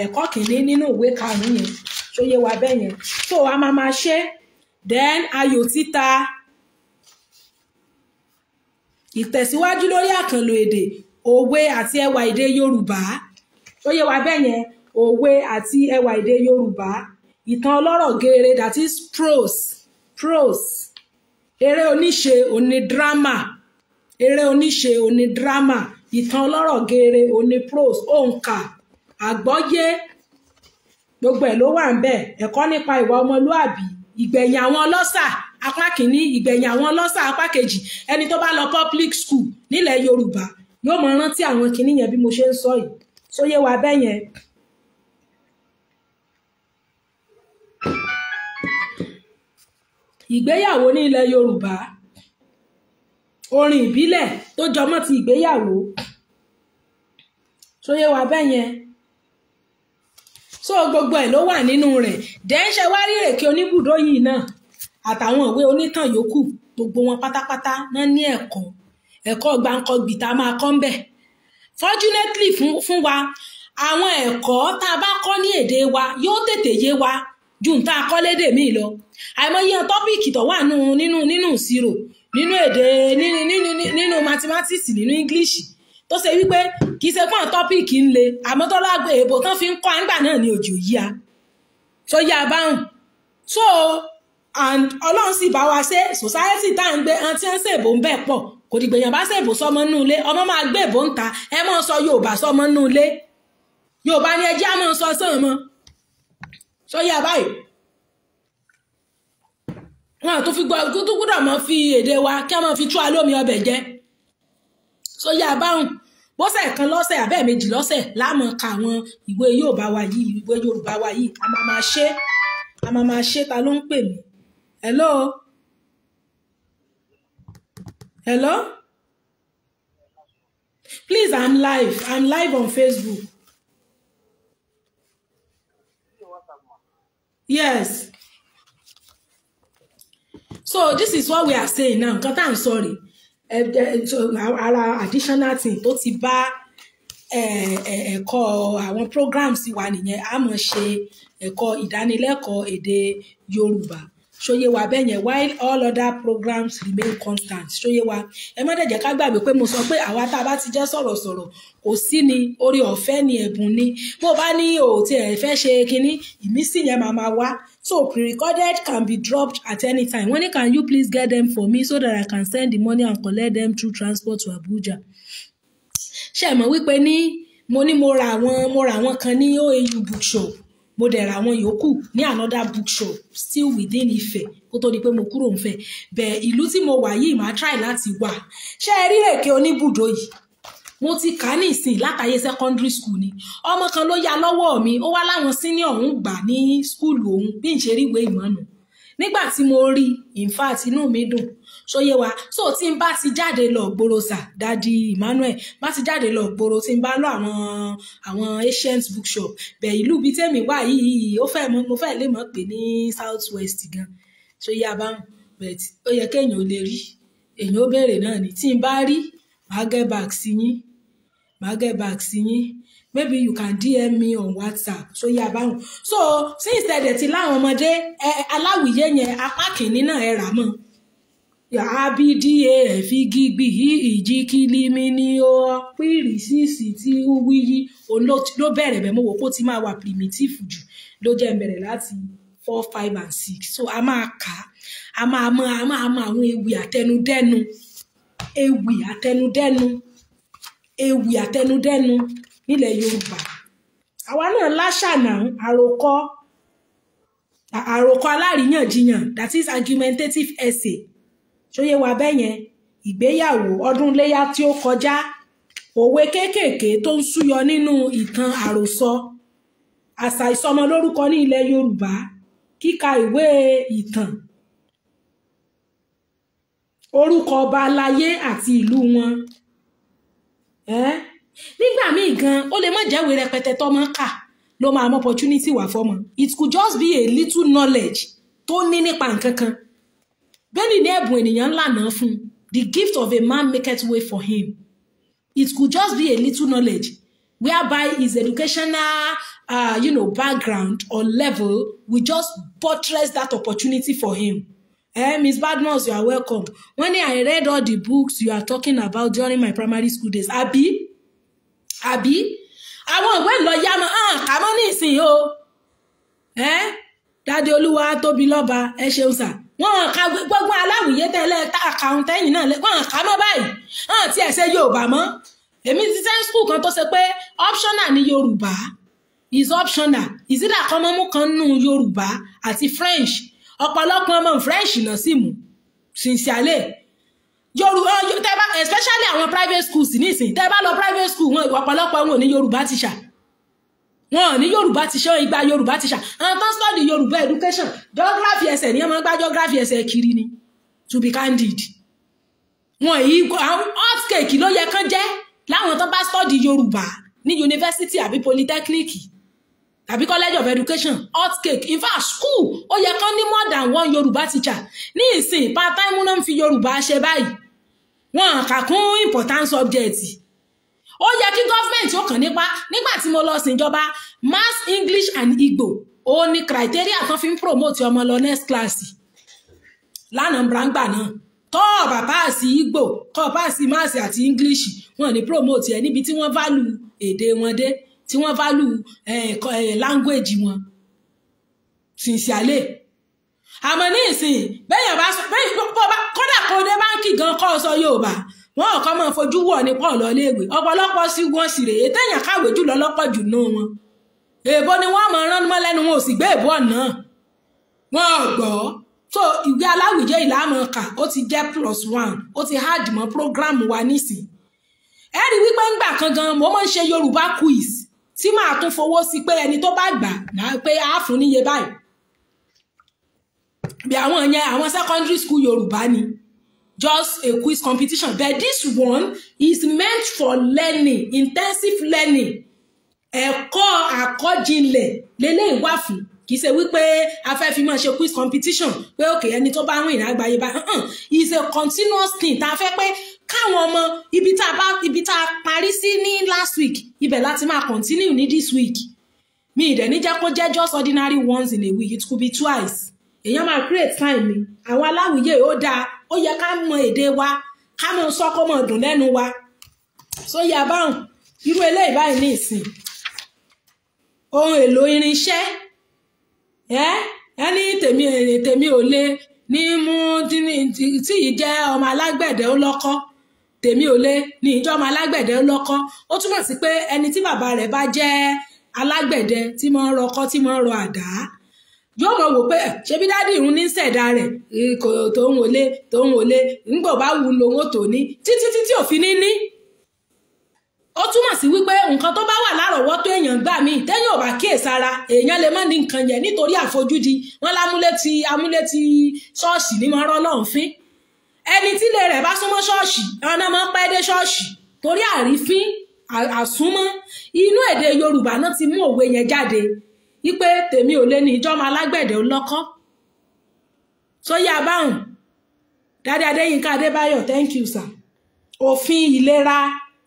ẹ̀kọ́ kìíní nínú ìwé karùn yẹn sóyé wa bẹ́ẹ̀ yẹn so a máa máa ṣe then ayò títa ìtẹ̀síwájú lórí àkànlò èdè òwe àti ẹwà èdè Yorùbá ó yé wa bẹ́ẹ̀ yẹn òwe àti ẹwà èdè Yorùbá ìtàn ọlọ́rọ̀ geere that is prose prose eré oníṣe òní drama eré oníṣe òní drama ìtàn ọlọ́rọ̀ geere òní prose òǹkà àgbọ́yé gbogbo ẹ̀ ló wà ń bẹ̀ ẹ̀kọ́ nípa ìwà ọmọlúàbí ìgbẹ̀yìn àwọn ọlọ́ṣà apá kìíní ìgbẹ̀yìn àwọn ọlọ́sà apá kejì ẹni tó bá lọ public school nílẹ̀ yorùbá yóò mọ rántí àwọn kìíní yẹn bí mo ṣe ń sọ yìí sóyè wa bẹ́ẹ̀ yẹn. ìgbéyàwó ní ilẹ̀ yorùbá orin ìbílẹ̀ tó jọmọ́ ti ìgbéyàwó sóyè wa bẹ́ẹ̀ yẹn so gbogbo ẹ̀ ló wà nínú rẹ̀ dẹ́ńṣẹ́ wá rí rèké oníbùdó yìí náà àtàwọn ìwé onítàn yòókù gbogbo wọn pátápátá náà ní ẹ̀kọ́ ẹ̀kọ́ gbàǹkọgbì tá a máa kọ́ ń bẹ̀ fortunately fún fún wa àwọn ẹ̀kọ́ tá a bá kọ́ ní èdè wa yóò tètè yé wa ju n tá a kọ́ lédè míì lọ àìmọye tọ́pìkì tó wà nínú nínú ìṣirò nínú èdè nínú mathematics nínú English tó ṣe wípé kì í ṣe fún tọ́pìkì ń le àmọ́ tó lágbo èèbò tán fi ń kọ́ àǹgbà náà ní òjò yíya tó yá a báhùn so and ọlọ́run sì bá wa ṣe society tá à ń gbé ẹni tí wọ́n ṣèbò ń bẹ̀ pọ̀ kò dìgbà èèyàn bá ṣèbò sọmọ nínú ilé ọmọ máa gbé èbò ń ta ẹ máa sọ yorùbá sọmọ nínú ilé yorùbá ni ẹjẹ́ á máa sọ sàn mọ́ sọyí àbáyé wọn àtúnfi gbọ́ tó gbọ́dọ̀ máa fi èdè wa kí a máa fi tú alómi ọbẹ̀ jẹ sọyí àbáhùn bọ́sẹ̀ kan lọ́sẹ̀ àbẹ́ méjì lọ́sẹ̀ láàmú ka àwọn ìwé Yorùbá wa yìí ìwé Yorùbá wa yìí a máa máa ṣe a máa máa ṣe ta ló hello hello please i'm live i'm live on facebook yes so this is what we are saying now nǹkan I'm sorry. ń sọ rèé ara additional thing tó ti bá ẹ̀kọ́ àwọn programs wa nìyẹn a máa ṣe a day Yoruba ṣóyé wa bẹ́ẹ̀ yẹn while all other programs remain constant ṣóyé wa ẹ má dẹ̀ jẹ́ ká gbàgbé pé mo sọ pé àwa tá a bá ti jẹ́ sọ̀rọ̀sọ̀rọ̀ kò sí ni orí ọ̀fẹ́ ni ẹ̀bùn ni bó bá ní o ti ẹ̀ fẹ́ ṣe kinní ìmísí yẹn máa máa wá so pre-recorded can be dropped at any time When can you please get them for me so that I can send the money and collect them through transport to Abuja ṣe mọ̀ wípé ní mo ní mo ra àwọn mo ra àwọn kan ní OAU bookshop mo dẹ̀ ra àwọn yòókù ní another bookshop still within ife. kó tó di pé mo kúrò ń fẹ́ bẹ̀ ìlú tí mo wà yìí màá try láti wà ṣé ẹ rí rèké oníbùdó yìí mo ti kà á nísìn látàyè secondary school ni ọmọ kan ló ya lọ́wọ́ mi ó wá láwọn senior òun gbà ní skul òun bí n ṣe ríwèé ìmọ̀nù nígbà tí mo rí in fact inú mi dùn ṣóyé wa so tí n bá ti jáde lọ gbòòrò sà dadi Emmanuel bá ti jáde lọ gbòòrò tí n bá lọ àwọn àwọn ancient bookshop bẹ̀ ìlú bíi tèmi wà yìí ó fẹ́ mo fẹ́ lè mọ̀ pé ní south west gan ṣóyé abáhùn but ó yẹ kéèyàn ò lè rí èèyàn ó béèrè náà ni tí n bá rí màá get back sí yín màá get back sí yín maybe you can dm me on whatsapp so yà bá so since ẹ̀dẹ̀ ti láwọn ọmọdé aláwìyé yẹn apá kìíní náà ẹ rà mọ́ yàábídíé ẹ̀fígígbì ìjíkílímì ní ó pírísìsì tí ó wíyí òun ló bẹ̀rẹ̀ bẹ̀ mo wò kó ti máa wà primitive jù ló jẹ́ ń bẹ̀rẹ̀ láti four five and six so a máa kà á a máa mọ a máa mọ àwọn ewì àtẹnudẹ́nu ewì àtẹnudẹ́nu ewì àtẹnudẹ́nu nílẹ̀ Yorùbá àwa náà láṣànà àròkọ àròkọ alárìíyànjiyàn that is argumentative essay ṣóyé wa bẹ́ẹ̀ yẹn ìgbéyàwó ọdún iléyà tí ó kọjá òwe kéékèèké tó ń súyọ nínú ìtàn àròsọ àṣà ìsọmọlórúkọ ní ilẹ̀ Yorùbá kíka ìwé ìtàn orúkọ ọba aláyé àti ìlú wọn nígbà míì gan ó lè má jẹ́wé rẹpẹtẹ tọ́mọ kà ló máa mọ opportunity wà fọ́mọ it could just be a little knowledge tó ní nípa nǹkan kan bẹ́ẹ̀ni ní ẹ̀bùn ènìyàn ńlá náà fún the gift of a man maketh way for him it could just be a little knowledge whereby his educational uh, you know, background or level will just buttress that opportunity for him. Eh, Miss Badmus, you are welcome. When I read all the books you are talking about during my primary school days, Abi, Abi, àwọn ìwé lọ́ọ́yà máa ń kà ah, mọ́ ní ìsìn o. Eh, Dádé Olúwa tóbi lọ́ba, ẹ ṣeun sà wọn ka gbogbo aláwìyé tẹ́lẹ̀ àkàùntẹ́yìn náà wọn kà mọ́ báyìí hàn tí ẹ̀ ṣe yorùbá mọ́ èmi ti sẹ́ skul kan tó ṣe pé optional ni yorùbá is optional Is ìsídà kan mọ́mú kan nù yorùbá àti french ọ̀pọ̀lọpọ̀ ọmọ french náà sì mú sincerely yorùbá eh, especially àwọn private schools nísìnyí tẹ́ bá lọ private school wọn ọ̀pọ̀lọpọ̀ wọn ò ní yorùbá teacher wọn ní yorùbá ti ṣe ìgbà yorùbá ti ṣà àwọn tó ń sọ́ọ̀dì yorùbá education geography ẹsẹ̀ ní ọmọ gbá geography ẹsẹ̀ kiri ni to be candid wọn èyí hot cake ló yẹ kán jẹ́ láwọn tó bá sọ́ọ̀dì yorùbá ní yunifásitì àbí polytechnic tàbí college of education hot cake in fact school ó yẹ kán ní more than one yorùbá teacher ní ìsìn part time náà ń fi yorùbá ṣe báyìí wọn kà important subject ó yẹ kí gọ́fìmẹ̀ntì ó kàn nípa nígbà tí mo lọ síjọba mass english and igbo ó ní criteria kan fi ń promote ọmọ lọ next class lánàá brangba náà kọ́ ọ̀bà páàsì igbo kọ́ páàsì mass àti english wọn ní promote ẹ níbi tí wọ́n value èdè wọn dé tí wọ́n value eh, eh, language wọn sincerely àmọ́ ní ìsìn bẹ́yàn bá sọ bẹ́yìn pọ̀ bá kódà kó dé báńkì gan kọ́ sọ yorùbá wọn ò kọ́ máa fojú wọ̀ ní paul ọlẹ́gbẹ́ ọ̀pọ̀lọpọ̀ sí wọn sì rèé téèyàn kàwé jùlọ lọ́pọ̀ jù nù wọn èèbó ni wọ́n máa rán mọ́ lẹ́nu wọn ò sì gbé èèbó ọ̀nà wọn ò gbọ́ tó ìwé aláwìjẹ́ ìlànà ó ti jẹ́ plus one ó ti hard mọ́ program wa nísìn ẹ rí wípé ńgbà kan gan mo máa ń ṣe yorùbá quiz tí màá tún fowó sí pé ẹni tó bá gbà náà pé a fún níye báyìí bí àwọn yẹn àwọn secondary school yorùbá ni just a quiz competition but this one is meant for learning intensive learning ẹ̀kọ́ àkọ́jinlẹ̀ lélẹ́yìn wà fún kì í ṣe wípé a fẹ́ fi máa ṣe quiz competition pé òkè ẹni tó bá ń rìn àgbáyé bá hàn uh-uh. is a continuous thing tá a fẹ́ pé káwọn ọmọ ibi tá a bá ibi tá a parí sí ní last week ibẹ̀ láti máa continue ní this week mi ìdẹ̀ ní jẹ́ kó jẹ́ just ordinary once in a week it could be twice èèyàn máa create time mi àwọn aláwìyé ó dáa ó yẹ ká mọ èdè wa ká mọ sọ kó mọ dùn lẹ́nu wa so yà báwọn irú eléyìí báyìí ní ìsìn ohun èlò irinṣẹ́ ẹ ẹni tèmi tèmi ò lè ní mú tí yìí jẹ́ ọmọ alágbẹ̀dẹ ó lọ́kọ́ tèmi ò lè ní ìjọ ọmọ alágbẹ̀dẹ ó lọ́kọ́ ó túmọ̀ sí pé ẹni tí bàbá rẹ̀ bá jẹ́ alágbẹ̀dẹ tí mo ń rọkọ́ tí mo ń rọ àdá yóò mọ̀ wò pé ṣebí dádì ìhun ní ṣẹ̀dá rẹ̀ kò tóun ò lé tóun ò lé ńgbọ̀ bá wù lòun ò tò ní títí títí òfin ní ní. ó túmọ̀ sí wípé nǹkan tó bá wà lárọ̀ọ́wọ́tó èèyàn gbà míì téèyàn ò bá kíyèsára èèyàn lè má ní nǹkan yẹn nítorí àfojúdi wọn lámúlé ti amúlé ti ṣọ́ọ̀ṣì ní mọ́rọ́ náà fín ẹni tílé rẹ̀ bá súnmọ́ ṣọ́ọ̀ṣì ọ̀nà máa ń pẹ́ dé ṣọ́ọ̀ṣì torí àrífín àsúnmọ́ inú èdè Yorùbá náà ti mú òwe yẹn jáde wípé tèmi ò lé ní ìjọmọ alágbẹ̀dẹ ọlọ́kọ́ sóyè abáhùn dáadé adéyínká adébáyọ̀ thank you sir òfin ìlera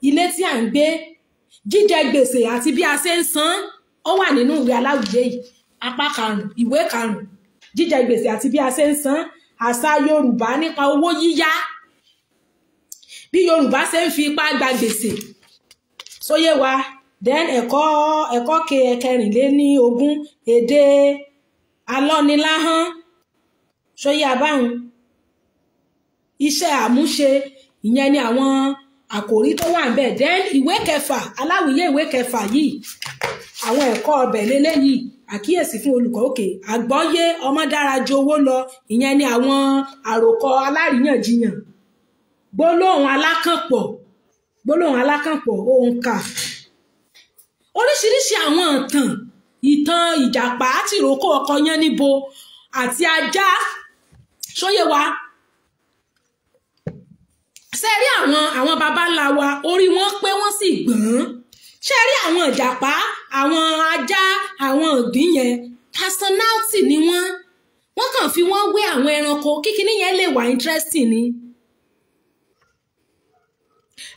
ilé tí à ń gbé jíjẹ gbèsè àti bí a ṣe ń san ó wà nínú ìwé aláwùjẹ yìí apá karùnún ìwé karùnún jíjẹ gbèsè àti bí a ṣe ń san àṣà yorùbá nípa owó yíyá bí yorùbá ṣe ń fi ipá gba gbèsè sóyè wa then ẹ̀kọ́ ẹ̀kọ́ kẹrìnléníogún èdè alọ́niláhán ṣóyí abáhùn iṣẹ́ àmúṣe ìyẹn ni àwọn àkòrí tó wà níbẹ̀ then ìwé kẹfà aláwìyé ìwé kẹfà yìí àwọn ẹ̀kọ́ ọbẹ̀ lélẹ́yìí àkíyèsí fún olùkọ́ òkè àgbọ́yé ọmọ dára ju owó lọ ìyẹn ni àwọn àròkọ aláríyànjiyàn gbólóhùn alákànpọ̀ gbólóhùn alákànpọ̀ òǹkà oríṣiríṣi àwọn ìtàn ìtàn ìjàpá tìrókò ọkọ yẹn níbo àti ajá sóyè wa ṣe rí àwọn àwọn baba ńlá wa orí wọn pé wọ́n sì gbọ́n ṣe rí àwọn ìjàpá àwọn ajá àwọn ìgbín yẹn personality ni wọ́n wọ́n kàn fi wọ́n wé àwọn ẹranko kíkiní yẹn lè wà interesting ni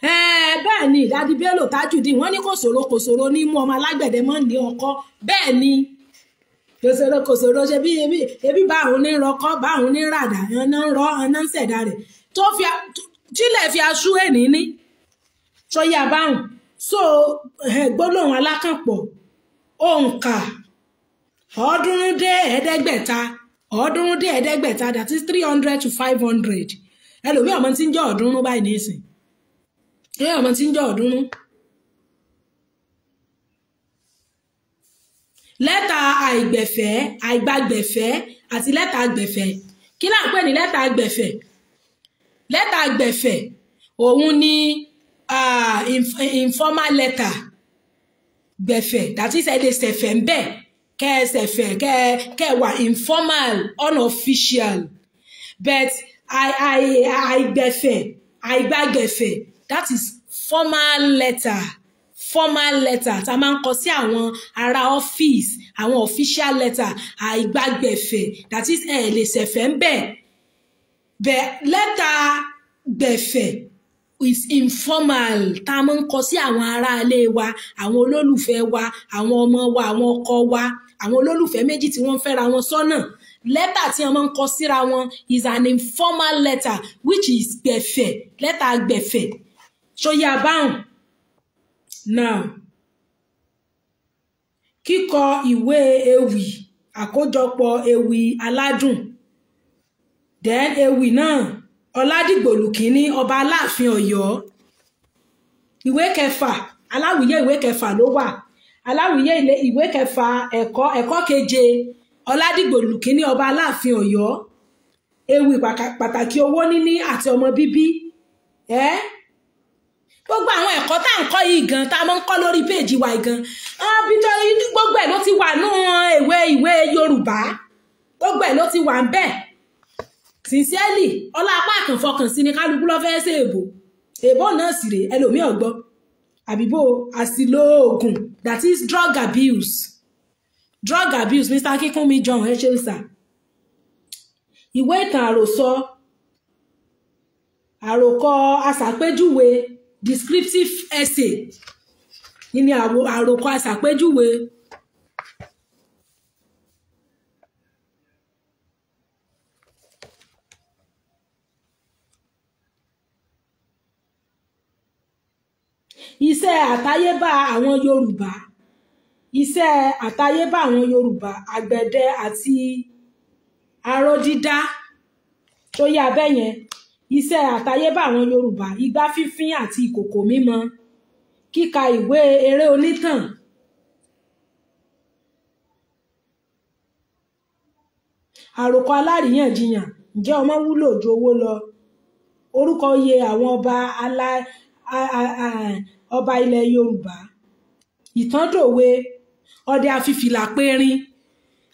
bẹ́ẹ̀ ni ìdádì bello tajudeen wọ́n ní kò ṣòro kò ṣòro ní mú ọmọ alágbẹ̀dẹ mọ́ ní ọkọ bẹ́ẹ̀ ni kò ṣòro kò ṣòro ṣe bí ebi ebi bá òun ní rọkọ bá òun ní ràdà ọ̀nà ń rọ ọ̀nà ń ṣẹ̀dá rẹ̀ tó fi tílẹ̀ fi aṣú èní ní sọyí àbáhùn so gbólóhùn alákànpọ̀ òǹkà ọ̀ọ́dúnrún dé ẹ̀ẹ́dẹ́gbẹ̀ta ọ̀ọ́dúnrún dé ẹ̀ẹ́dẹ́gbẹ̀ta that is three hundred to five hundred ẹlòmíì ọmọ tí ń jẹ́ ọ̀ọ́dúnrún báyìí nísìnyí ṣé ọmọ tí ń jọ ọdúnrún lẹ́tà àìgbẹ̀fẹ́ àìgbàgbẹ̀fẹ́ àti lẹ́tà àgbẹ̀fẹ́ kí là ń pè ní lẹ́tà àgbẹ̀fẹ́ lẹ́tà àgbẹ̀fẹ́ òun ni informal letter gbẹ̀fẹ̀ that is ẹ̀dẹ̀ sẹ̀fẹ̀ ń bẹ̀ kẹ́ ẹ sẹ̀fẹ̀ kẹ́ ẹ kẹ́ ẹ wà informal unofficial but àìgbẹ̀fẹ̀ àìgbàgbẹ̀fẹ̀ that is formal letter formal letter tá a máa ń kọ sí àwọn ará ọ́fíìsì àwọn official letter àìgbàgbẹ̀fẹ̀ that is ẹ̀ lè ṣẹ̀fẹ̀ ń bẹ̀ bẹ̀ lẹ́tà gbẹ̀fẹ̀ is informal tá a máa ń kọ sí àwọn aráalé wa àwọn olólùfẹ́ wa àwọn ọmọ wa àwọn ọkọ wa àwọn olólùfẹ́ méjì tí wọ́n fẹ́ra wọn sọ́nà lẹ́tà tí wọ́n máa ń kọ síra wọn is an informal letter which is gbẹ̀fẹ̀ lẹ́tà gbẹ̀fẹ̀ ṣóyá báhùn náà kíkọ ìwé ewì àkójọpọ̀ ewì aládùn then ewì náà ọládìgbòlù kínní ọba aláàfin ọ̀yọ́ ìwé kẹfà aláwìyé ìwé kẹfà ló wà aláwìyé ìwé kẹfà ẹ̀kọ́ ẹ̀kọ́ keje ọládìgbòlù kínní ọba aláàfin ọ̀yọ́ ewì pàtàkì owó níní àti ọmọ bíbí ẹ gbogbo àwọn ẹ̀kọ́ tá à ń kọ́ yìí gan tá a máa ń kọ́ lórí péèjì wa gan gbogbo ẹ̀ ló ti wà nú ìwé ìwé Yorùbá gbogbo ẹ̀ ló ti wà ń bẹ̀ sincerely ọlá apá kan fọkàn sí ni kálukú lọ́ fẹ́ẹ́ ṣe èbò èbò náà sì rè ẹlòmíì ọ̀gbọ́ àbíbò àsìlò oògùn that is drug abuse drug abuse Mr. Kíkúnmi John echelsa ìwé ìtàn àròsọ àròkọ aṣàpèjúwe descriptive essay ní àròkọ aṣàpèjúwe iṣẹ́ àtayébá àwọn Yorùbá iṣẹ́ àtayébá àwọn Yorùbá àgbẹ̀dẹ àti aró dídá tó yá abẹ́yẹn iṣẹ́ àtayébá àwọn Yorùbá igbá fífín àti ìkòkò mímọ kíka ìwé eré onítàn àròkọ aláríyànjiyàn ǹjẹ́ ọmọ wúlò ju owó lọ orúkọ iye àwọn ọba alá ọba ilẹ̀ Yorùbá ìtàndòwe ọdẹ afifìlà périn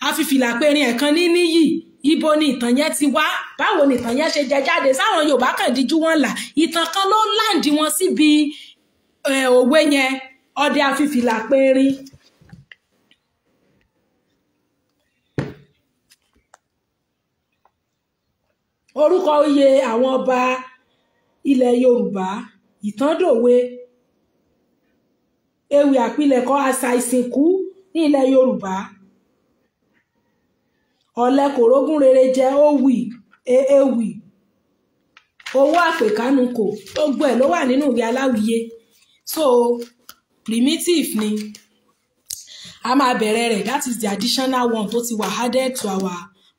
afifìlà périn ẹ̀kan ní níyì ibo ni ìtàn yẹn ti wá báwo ni ìtàn yẹn ṣe jẹ jáde sáwọn yorùbá kan díjú wọn là ìtàn kan ló láǹdì wọn síbi òwe yẹn ọdẹ afífìlà péré. orúkọ oyè àwọn ọba ilẹ̀ yorùbá ìtàndòwe ewì àpilẹ̀kọ àṣà ìsìnkú ní ilẹ̀ yorùbá ọ̀lẹ kò rógún rere jẹ ó wì é wì owó àpèkánu kò gbogbo ẹ̀ ló wà nínú ìwé aláwìyé so primitive ni a máa bẹ̀rẹ̀ rẹ̀ that is the additional one tó ti wà added to our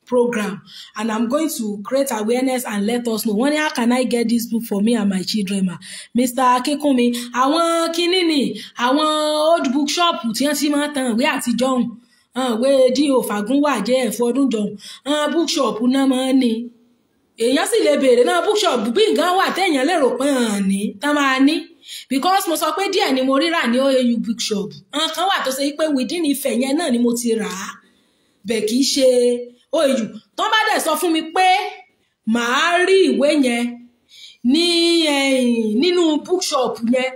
program and i'm going to create awareness and let us know wọ́n ní how can i get this book for me and my children ma mr akinkunmi àwọn kínní ni àwọn old bookshop. shop tí wọ́n ti máa ń tan ìwé àtijọ́ ọ̀hún wé dí òfàgúnwà jẹ́ ẹ̀fọ́ ọdún jọ̀hún búkṣọ̀pù náà máa ń ní èèyàn sì lè béèrè náà búkṣọ̀pù bí nǹkan wà téèyàn lérò pé hàn ní tá máa ní because mo sọ pé díẹ̀ ni mo rírà ní OAU bookshop nǹkan wà tó ṣe pé within Ifẹ̀ yẹn náà ni mo ti rà á bẹ́ẹ̀ kì í ṣe OAU tó bá dẹ̀ sọ fún mi pé màá rí ìwé yẹn ní nínú bookshop yẹn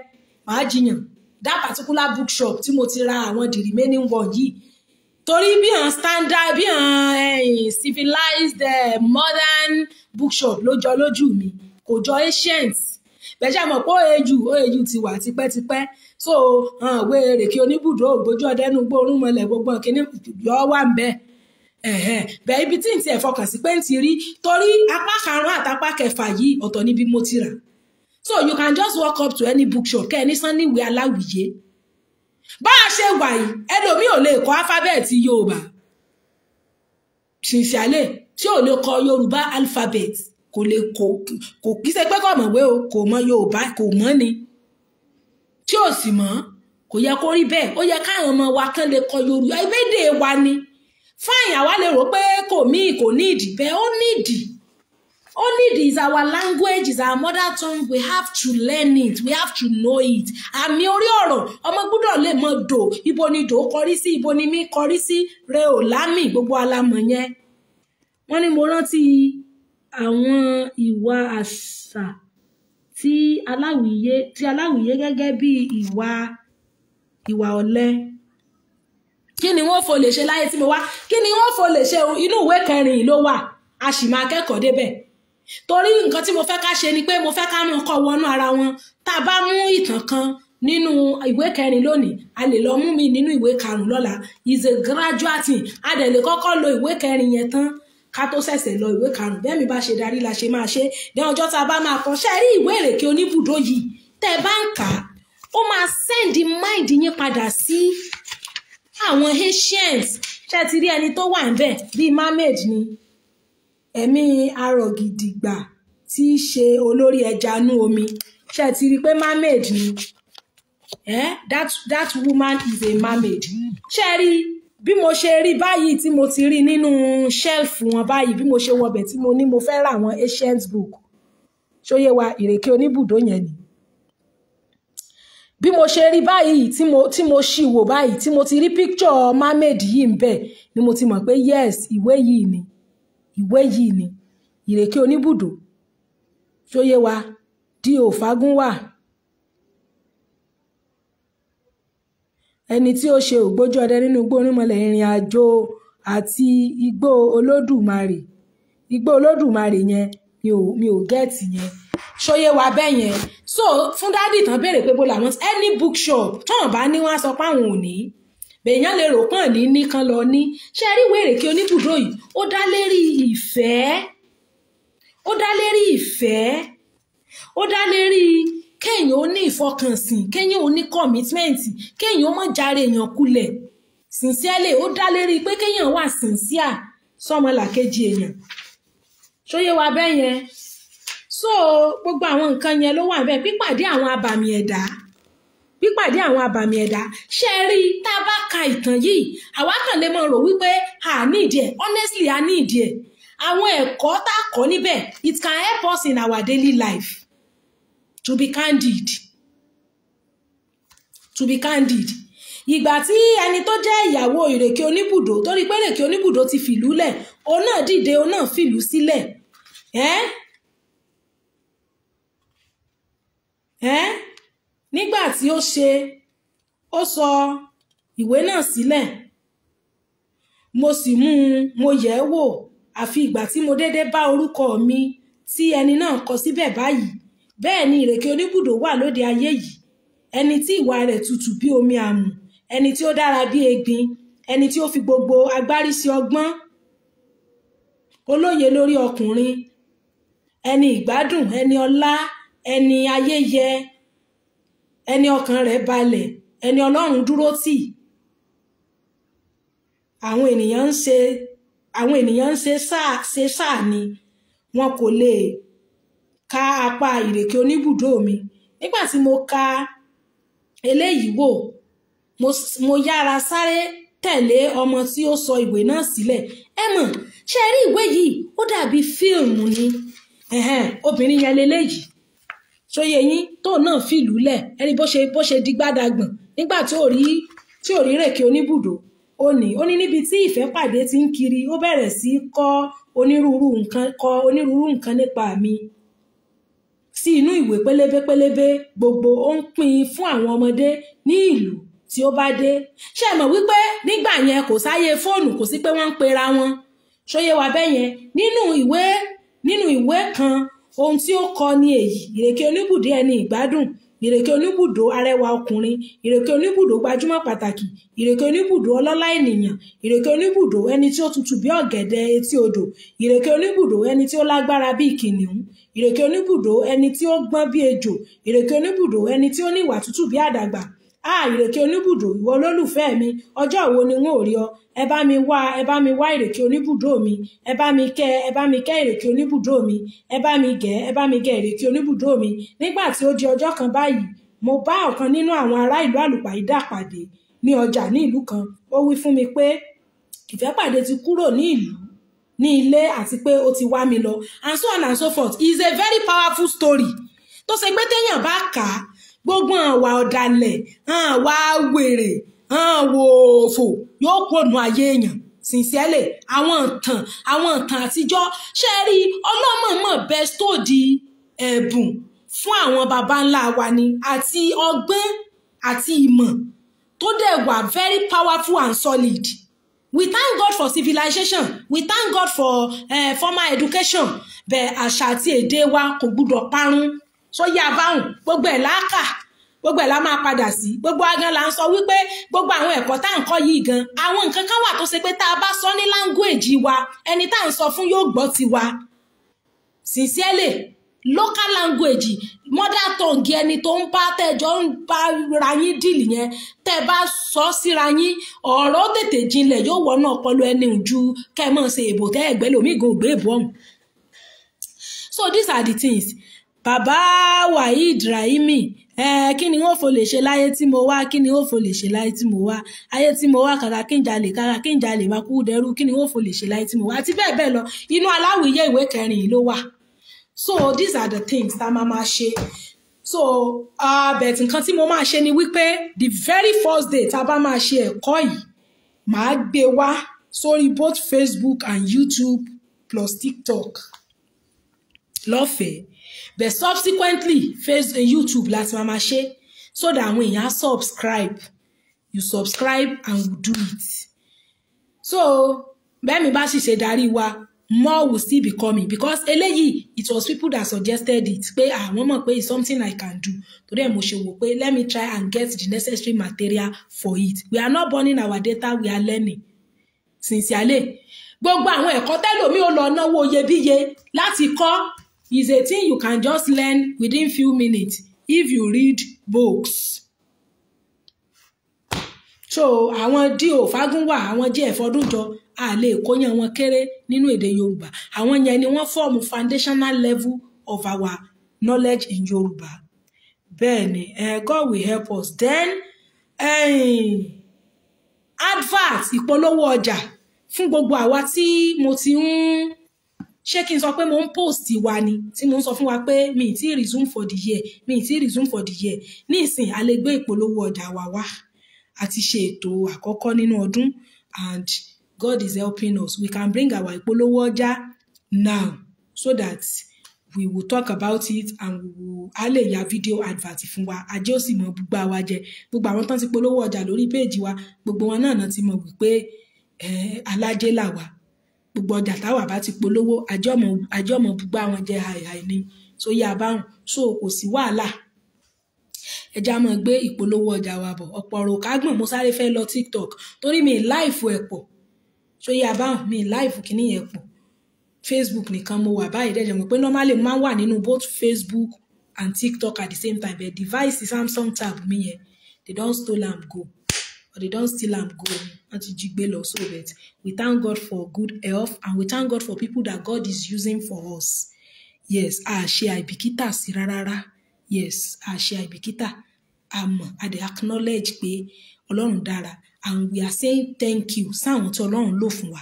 màá jiyàn that particular bookshop tí mo ti ra àwọn the remaining one yìí torí bí hàn standard bí hàn ẹ̀yìn eh, civilized eh, modern bookshop ló jọ lójú mi kò jọ ancient bẹ́ẹ̀ ṣe àmọ̀ pé oyeju oyeju ti wà tipẹ́tipẹ́ so hàn wé èrèké oníbùdó ògbójú ọdẹnu gbóòórùn mọ́lẹ̀ gbogbo kìíní yọ wà ń bẹ́ẹ̀ bẹ́ẹ̀ ibi tí n tiẹ̀ fọkàn sí pé n ti rí torí apá karùn-ún àtàpá kẹfà yìí ọ̀tọ̀ níbi mo ti rà so you can just walk up to any bookshop kẹ́ ẹ ní sanniwe aláwìyé bá a ṣe wà yìí ẹlòmíì ò lè kọ alifábẹ́ẹ̀tì yorùbá ṣìṣàlẹ̀ tí ò lè kọ yorùbá alifábẹ́ẹ̀tì kò lè kò kò kí ṣe pé kò o kò mọ yorùbá kò mọ̀ ni tí ò sì mọ̀ kò yẹ kó rí bẹ́ẹ̀ ó yẹ káwọn ọmọ wa kán lè kọ yorùbá ìbédè wa ni fáyìn àwa lè rò pé kò mí kò ní ìdí bẹ́ẹ̀ ó ní ìdí Only this, our language is our mother tongue. We have to learn it. We have to know it. Àmì orí ọ̀rọ̀ ọmọ gbọ́dọ̀ lè mọ dò ibo ni dò kọrí sí ibo ni mí kọrí sí re ò lámì gbogbo alamọ̀ yẹn. Wọ́n ní mo rántí àwọn ìwà àṣà tí aláwìyé tí aláwìyé gẹ́gẹ́ bí ìwà ìwà ọ̀lẹ. Kí ni wọ́n fò lè ṣe láyé tí mo wá? Kí ni wọ́n fò lè ṣe inú ìwé kẹrin ló wà? A sì máa kẹ́kọ̀ọ́ débẹ̀ torí nǹkan tí mo fẹ́ ká ṣe ni pé mo fẹ́ ká mú ọkọ̀ wọnú ara wọn tá a bá mú ìtàn kan nínú ìwé kẹrin lónìí a lè lọ mú mi nínú ìwé karùn-ún lọ́la is a gradual thing a dẹ̀ lè kọ́kọ́ lo ìwé kẹrin yẹn tán ká tó ṣẹ̀ṣẹ̀ lọ ìwé karùn-ún bẹ́ẹ̀ mi bá ṣe darí la ṣe máa ṣe dẹ́ ọjọ́ tá a bá máa kàn ṣe rí ìwé ìrèké oníbùdó yìí tẹ́ ẹ bá ń kà á ó máa send mind yín padà sí àwọn ancients ṣé ti rí ẹni tó wà ń bẹ̀ bíi mermaid ni ẹ̀mí arògìdìgbà tí í ṣe olórí ẹjanú omi ṣe ti rí i pé mermaid ni eh? that, that woman is a mermaid ṣe rí bí mo ṣe rí báyìí tí mo ti rí nínú shelf wọn báyìí bí mo ṣe wọbẹ̀ tí mo ní mo fẹ́ ra àwọn ancient book ṣóyè wa ìrèké oníbùdó yẹn ni bí mo ṣe rí báyìí tí mo tí mo ṣì wò báyìí tí mo ti rí picture mermaid yìí ń bẹ ni mo ti mọ̀ pé yes ìwé yìí ni ìwé yìí ni ìrèké oníbùdó ṣóyé wa di òfagún wà ẹni tí ó ṣe ògbójú ọdẹ nínú igbó onímọ̀lẹ̀ ìrìn àjò àti igbó olódùmarè igbó olódùmarè yẹn mi ò mi ò gẹ́ẹ̀tì yẹn ṣóyé wa bẹ́ẹ̀ yẹn so fún dádì tán béèrè pé bó làwọn any bookshop tí wọn bá ní wọn á sọ pé ò ní bẹ̀yàn lè rò pọ́n ní nìkan lọ ní ṣe rí wèrè kí oníbùdó yìí ó dá lérí ìfẹ́ ó dá lérí ìfẹ́ ó dá lérí kéèyàn ó ní ìfọkànsìn kéèyàn ó ní kọ̀mítímẹ́ǹtì kéèyàn ó mọ̀ járe èèyàn kulẹ̀ sincerely ó dá lérí pé kéèyàn wà sincere sọmọ làkejì èèyàn ṣóyè wa bẹ́ẹ̀ yẹn so gbogbo àwọn nǹkan yẹn ló wà bẹ́ẹ̀ pípàdé àwọn abàmì ẹ̀dá. E pípàdé àwọn abàmì ẹ̀dá ṣe rí i tá a bá ka ìtàn yìí àwa kàn lè rò wípé a ní ìdí honestly a ní ìdí àwọn ẹ̀kọ́ tá a kọ́ níbẹ̀ it can help us in our daily life to be candid to be candid ìgbà tí ẹni tó jẹ́ ìyàwó ìrèké oníbùdó pé ìrèké oníbùdó ti fìlú lẹ̀ òun náà dìde nígbà tí ó ṣe ó sọ ìwé náà sílẹ̀ mo sì mú un mo yẹ̀ ẹ́ wò àfi ìgbà tí mo dédé bá orúkọ mi tí ẹni náà kọ síbẹ̀ báyìí bẹ́ẹ̀ ni ìrèké oníbùdó wà lóde ayé yìí ẹni tí ìwà rẹ̀ tutù bí omi àmù ẹni tí ó dára bí egbin ẹni tí ó fi gbogbo agbárí sí ọgbọ́n olóye lórí ọkùnrin ẹni ìgbádùn ẹni ọlá ẹni ayẹyẹ ẹni ọkàn rẹ̀ balẹ̀ ẹni ọlọ́run dúró tì àwọn ènìyàn ń ṣe àwọn ènìyàn ń ṣe sáà ni wọn kò lè ka apá ìrèké oníbùdó mi nígbà tí mo ka eléyìí wò mo yára sáré tẹ̀lé ọmọ tí ó sọ ìwé náà sílẹ̀ ẹ mọ̀ ṣe rí ìwé yìí ó dàbí fíìmù ni obìnrin yẹn leléyìí ṣóyè yín tóun náà fìlú lẹ̀ ẹni bó ṣe bó ṣe di gbádàgbọ̀n nígbà tí ò rí tí ò rí rèké oníbùdó ó ní ó ní níbi tí ìfẹ́ pàdé ti ń kiri ó bẹ̀rẹ̀ sí í kọ́ onírúurú nǹkan kọ́ onírúurú nǹkan nípa mi sí inú ìwé pélébé pélébé gbogbo ó ń pín fún àwọn ọmọdé ní ìlú tí ó bá dé ṣe mọ̀ wípé nígbà yẹn kò sáyé fóònù kò sí pé wọ́n ń pera wọn ṣóyé wa bẹ́ẹ̀ yẹn nínú ìwé nínú ìwé kan ohun tí ó kọ ni èyí ìrèké olúbùdó ẹni ìgbádùn ìrèké olúbùdó arẹwà ọkùnrin ìrèké olúbùdó gbajúmọ̀ pàtàkì ìrèké olúbùdó ọlọ́lá ènìyàn ìrèké olúbùdó ẹni tí ó tutù bí ọ̀gẹ̀dẹ̀ etí odò ìrèké olúbùdó ẹni tí ó lágbára bí kìnìún ìrèké olúbùdó ẹni tí ó gbọ́n bí ejò ìrèké olúbùdó ẹni tí ó ní ìwà tútù bí àdàgbà a ìrèké oníbùdó ìwọ olólùfẹ́ mi ọjọ́ wo ni wọn ò rí ọ ẹ bá mi wá ẹ bá mi wá ìrèké oníbùdó mi ẹ bá mi kẹ́ ẹ bá mi kẹ́ ìrèké oníbùdó mi ẹ bá mi gẹ̀ ẹ bá mi gẹ̀ ìrèké oníbùdó mi nígbà tí ó di ọjọ́ kan báyìí mo bá ọ̀kan nínú àwọn ará ìlú àlùpàídà pàdé ní ọjà ní ìlú kan ó wí fún mi pé ìfẹ́pàdé ti kúrò ní ìlú ní ilé àti pé ó ti wá mi lọ and so on and so forth is a very powerful story tó ṣe pé téèyàn bá kà á gbogbo àwa ọ̀dàlẹ̀ àwa wèrè àwa òfò yóò kóònù ayé èèyàn sincerely àwọn ìtàn àwọn ìtàn àtijọ́ ṣe rí ọlọ́mọ̀ọ́mọ̀ di, ẹ̀bùn fún àwọn baba ńlá wa ni àti ọgbọ́n àti ìmọ̀ tó dẹ̀ wà very powerful and solid we thank God for civilization we thank God for uh, formal education bẹ́ẹ̀ àṣà àti èdè wa kò gbúdọ̀ parun sóyè abáhùn gbogbo ẹ̀ láàkà gbogbo ẹ̀ la máa padà sí gbogbo agan la ń sọ wípé gbogbo àwọn ẹ̀kọ́ tá à ń kọ́ yìí gan àwọn nǹkan kan wà tó ṣe pé tá a bá sọ ní láńgóèjì wa ẹni tá à ń sọ fún yóò gbọ́ tiwa sincerely local language mother tongue ẹni tó ń bá tẹjọ ń bá ra yín dìlì yẹn tẹ bá sọ síra yín ọ̀rọ̀ tètè jinlẹ̀ yóò wọnà ọpọlọ ẹni ju kẹ́ ṣe èbò tẹ́ ẹ̀gbẹ́ lómi gùn gbé so these are the things bàbá waheed rahimi ẹ̀ẹ́ kí ni wọ́n fò lè ṣe láyé tí mo wá kí ni wọ́n fò lè ṣe láyé tí mo wá ayé tí mo wá kàkà kí n jalè kàkà kí n jalè máa kú dẹrú kí ni wọ́n fò lè ṣe láyé tí mo wá àti bẹ́ẹ̀ bẹ́ẹ̀ lọ inú aláwìyé ìwé kẹrin yìí ló wà so these are the things tá a máa máa ṣe so abẹ̀t uh, nǹkan tí mo máa ṣe ni wípé the very first day tá a bá máa ṣe ẹ̀kọ́ yìí màá gbé wá sórí both Facebook and YouTube plus TikTok lọ́fẹ̀ẹ́ but subsequently Facebook eh, YouTube láti máa ma ṣe so that when you subscribe you subscribe and do it so bẹ́ẹ̀ mi bá sì ṣe darí wa more will still be coming because eléyìí it was people that suggested it pé àwọn ah, mọ̀ pé it's something I can do torí ẹ̀ mo ṣe wò pé let me try and get the necessary material for it we are not burning our data we are learning sincerely gbogbo àwọn ẹ̀kọ́ tẹ́lòmí ò lọ náwó iyebíye láti kọ́ is a thing you can just learn within few minutes if you read books. so àwọn D.O. Fágúnwà àwọn J.F. Ọdúnjọ a lè kóyan wọn kéré nínú èdè Yorùbá àwọn yẹn ni wọ́n fọ́ọ̀mù foundational level of our knowledge in Yorùbá bẹ́ẹ̀ ni uh, God will help us then um, advert ìpolówó ọjà fún gbogbo àwa tí mo ti ń. Um, ṣé kí n sọ pé mo ń post wa ni tí mo ń sọ fún wa pé mi ì resume for the year mi ì resume for the year ní ìsìn a lè gbé ìpolówó ọjà wa wá àti ṣe ètò àkọ́kọ́ nínú ọdún and God is helping us we can bring our ìpolówó ọjà now so that we will talk about it and we will a ya video advert fún wa ajé ó sì mọ gbogbo àwa jẹ gbogbo àwọn tán ti polówó ọjà lórí péèjì wa gbogbo wọn náà náà ti mọ wípé eh, alájẹ là gbogbo ọjà táwa bá ti polówó àjọmọ àjọmọ gbogbo àwọn jẹ àìhàì ni tó yá báwọn so kò sí wàhálà ẹja máa gbé ìpolówó ọjà wa bọ̀ ọ̀pọ̀ ọ̀rọ̀ kágbọ̀n mo sáré fẹ́ lọ tiktok torí mi láìfù ẹ̀ pọ̀ tó yá báwọn mi láìfù kìíní yẹn pọ̀ facebook nìkan mo wà báyìí dẹ́jẹ̀ mọ̀ pé normally máa ń wà nínú both facebook and tiktok at the same time but device samsung tab mi yẹn they don stole am go but they don't steal am go wọn ti jí gbé so that we thank God for good health and we thank God for people that God is using for us yes a ṣe àìbìkítà sí rárá yes a ṣe àìbìkítà àmọ́ I dey acknowledge pé Ọlọ́run dára and we are saying thank you sáwọn tí Ọlọ́run lò fún wa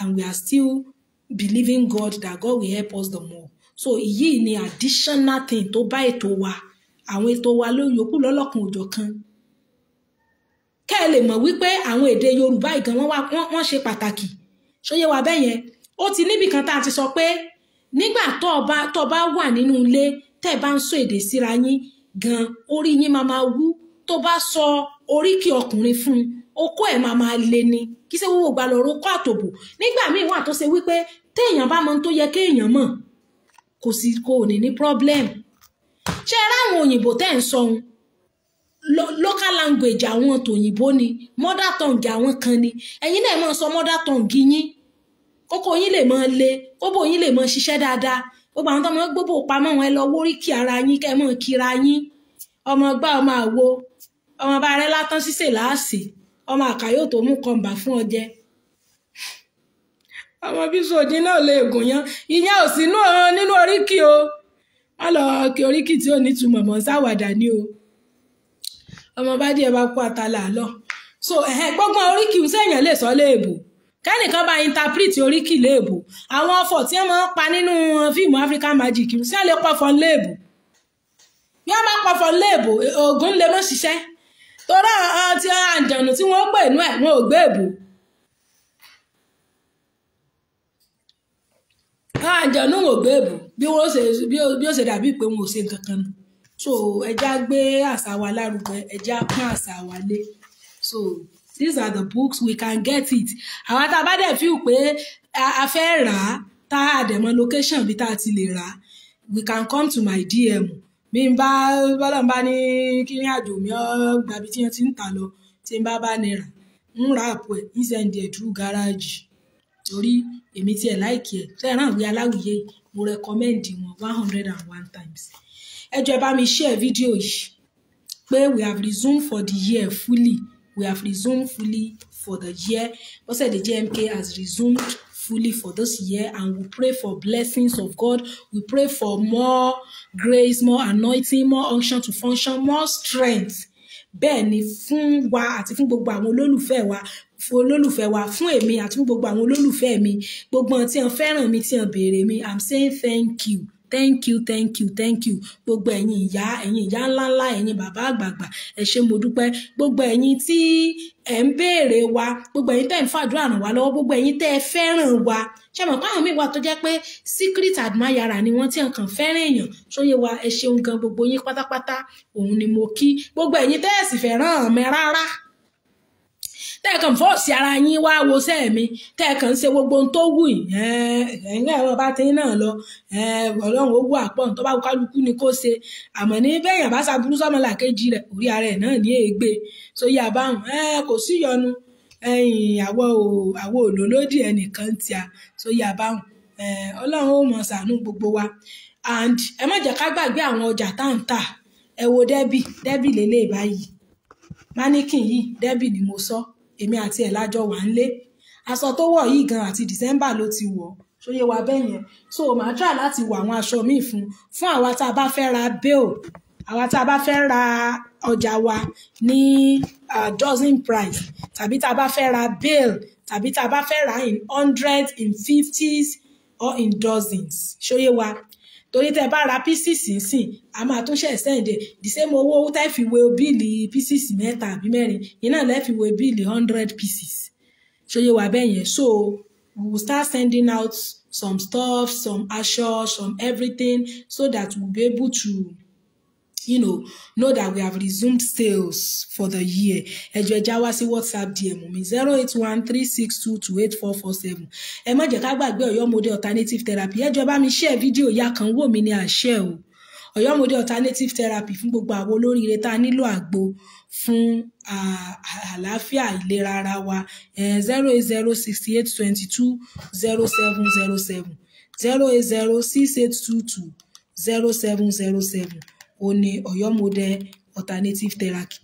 and we are still believing God that God will help us the more so èyí ni additional thing tó bá ètò wa àwọn ètò wa ló yòókù lọ́lọ́kan òjọ̀ kan kẹ́ ẹ lè mọ̀ wípé àwọn èdè yorùbá ìgàn wọn wá wọ́n ṣe pàtàkì ṣóyé wa bẹ́ẹ̀ yẹn ó ti níbì kan tá a ti sọ pé nígbà tó o bá tó o bá wà nínú ilé tẹ́ ẹ bá ń sọ èdè síra yín gan orí yín máa máa wú tó bá sọ oríkì ọkùnrin fún un okó ẹ̀ máa máa le ni kí ṣe wúwo gba lọ́rọ́ kọ́ àtòbò nígbà míì wà tó ṣe wípé téèyàn bá mọ tó yẹ kéèyàn mọ̀ kò sí kò ní ní problem ṣe ráwọn òyìnbó tẹ́ ń sọ ohun Lo local language àwọn tòyìnbó ni mother tongue àwọn kan ni ẹ̀yin náà máa sọ mother tongue yín kókó yín lè máa le kóbó yín lè máa ṣiṣẹ́ dáadáa gbogbo àwọn tó máa gbogbo pamọ́ wọn ẹ lọ wórí kí ara yín kẹ́ ẹ kíra yín ọmọ gbá ọmọ àwo ọmọ bá rẹ látán ṣíṣe láàsì ọmọ àkàyò tó mú kọmbà fún ọ jẹ ọmọ bíṣòjì náà lè gùn yan ìyẹn ò sínú nínú oríkì o wọn lọ kí oríkì tí ò ní túmọ̀ mọ́ sáwàdà ni o ọmọ bá díẹ̀ bá kú àtàlà lọ so ẹ̀hẹ́n gbọ́gbọ́n oríkì ń sẹ́yìn lè sọ léèbù kẹ́nìkan bá interpret oríkì léèbù àwọn ọfọ̀ tí wọ́n máa ń pa nínú uh, fíìmù African Magic ń sẹ́yìn lè pọ̀fọ̀ léèbù bí wọ́n bá pọ̀fọ̀ léèbù oògùn lè mọ́ ṣiṣẹ́ torí àwọn uh, ti àǹdànù tí wọ́n pè nú ẹ̀ wọn ò gbé èbù àǹdànù wọn ò gbé èbù bí ó ṣe dàbí pé wọn ò ṣe nǹkan kan nù so ẹja gbé àṣà wa lárugẹ ẹja pín àṣà wa lé so these are the books we can get it àwa tá a bá dẹ̀ pé a fẹ́ rà á tá a dẹ̀ mọ location bí tá a ti lè rà á we can come to my DM bí n bá bọ́lá ń bá ní kírin àjò mi ọ́ gbàbí tí wọ́n ti ń tà lọ tí n bá bá ní rà ń ra àpò ẹ̀ ń sẹ́ndì ẹ̀ dúró gáràjì torí èmi tiẹ̀ láìkí ẹ̀ fẹ́ràn àwọn aláwìyé mo rẹ́kọ́mẹ́ǹdì wọn one hundred and one times ẹ jọ̀ọ́ ẹ bá mi share fídíò yìí pé we have resumed for the year fully we have resumed fully for the year the JMK has resumed fully for this year and we pray for blessings of God we pray for more grace more anointing more unction to function more strength bẹ́ẹ̀ ni fún wa àti fún gbogbo àwọn olólùfẹ́ wa fún olólùfẹ́ wa fún èmi àti fún gbogbo àwọn olólùfẹ́ mi gbogbo tí wọ́n fẹ́ràn mi tí wọ́n béèrè mi i'm saying thank you thank you thank you thank you gbogbo ẹ̀yin ìyá ẹ̀yin ìyá ńláńlá ẹ̀yin bàbá àgbààgbà ẹ ṣé mo dúpẹ́ gbogbo ẹ̀yin tí ẹ ń béèrè wa gbogbo ẹ̀yin tẹ́ ń fàdúrà ràn wá lọ́wọ́ gbogbo ẹ̀yin tẹ́ ẹ fẹ́ràn wa ṣe mọ̀ pé àwọn míì wà tó jẹ́ pé secret admirer ni wọ́n ti ń kàn èèyàn sóye wa ẹ ṣeun gan gbogbo yín pátápátá òun ni mo kí gbogbo ẹ̀yin tẹ́ ẹ sì fẹ́ràn mi rárá tẹ́ẹ̀kan fọ́ọ̀sì ara yín wá wo sẹ́ẹ̀mí tẹ́ẹ̀kan ṣe gbogbo ohun tó wù yín ẹ̀ẹ́n ẹ̀rọ bá ti náà lọ ọlọ́run ó wù àpọ̀n tó bá wù kálukú ni kó ṣe àmọ́ ní bẹ́yàn bá ṣàbúrú sọ́mọ làkejì rẹ̀ orí ara ẹ̀ náà ní ègbé so yí àbáhùn kò sí ìyọnu àwọ̀ àwọ̀ òlòlódì ẹnìkan ti a so yí àbáhùn ọlọ́run ó mọ̀ ṣàánú gbogbo wa and ẹ má jẹ́ ká gbàgbé àwọn ọjà tá ń tà ẹ wo dẹ́bì dẹ́bì lélẹ́ẹ̀ báyìí máníkì yìí dẹ́bì ni mo sọ so èmi àti ẹ̀ lájọ wà ń lé aṣọ tó wọ̀ yìí gan àti December ló ti wọ̀ tó wa bẹ́ẹ̀ yẹn so màá try láti wọ àwọn aṣọ míì fún fún àwa tá a bá fẹ́ ra bail àwa tá a bá fẹ́ ra ọjà wa ní dozen price tàbí tá a bá fẹ́ ra bail tàbí tá a bá fẹ́ ra in hundreds in fifties or in dozens ṣóyé wa torí tẹ́ bá ra pieces sìn a máa tún ṣe send e. the same owó tẹ́ fi wé bíìlì pieces mẹ́ta àbí mẹ́rin iná lẹ́ fi wé bíìlì hundred pieces ṣòye wà bẹ́ẹ̀ yẹn so we will start sending out some stuff some aṣọ some everything so that we we'll be able to you know know that we have resumed sales for the year ẹ jọ̀ọ́ ẹ já wá whatsapp dm mi zero eight one three six two two eight four four seven ẹ má jẹ́ ká gbàgbé ọ̀yọ́mọdé alternative therapy ẹ jọ̀ọ́ bá mi share fídíò ya kan wò mí ní àṣẹ o ọ̀yọ́mọdé alternative therapy fún gbogbo àwọn olóríire tá a nílò àgbo fún àlàáfíà ìlera ara wa zero eight zero sixty eight twenty two zero seven zero seven zero eight zero six eight two two zero seven zero seven òun ni Alternative Therapy.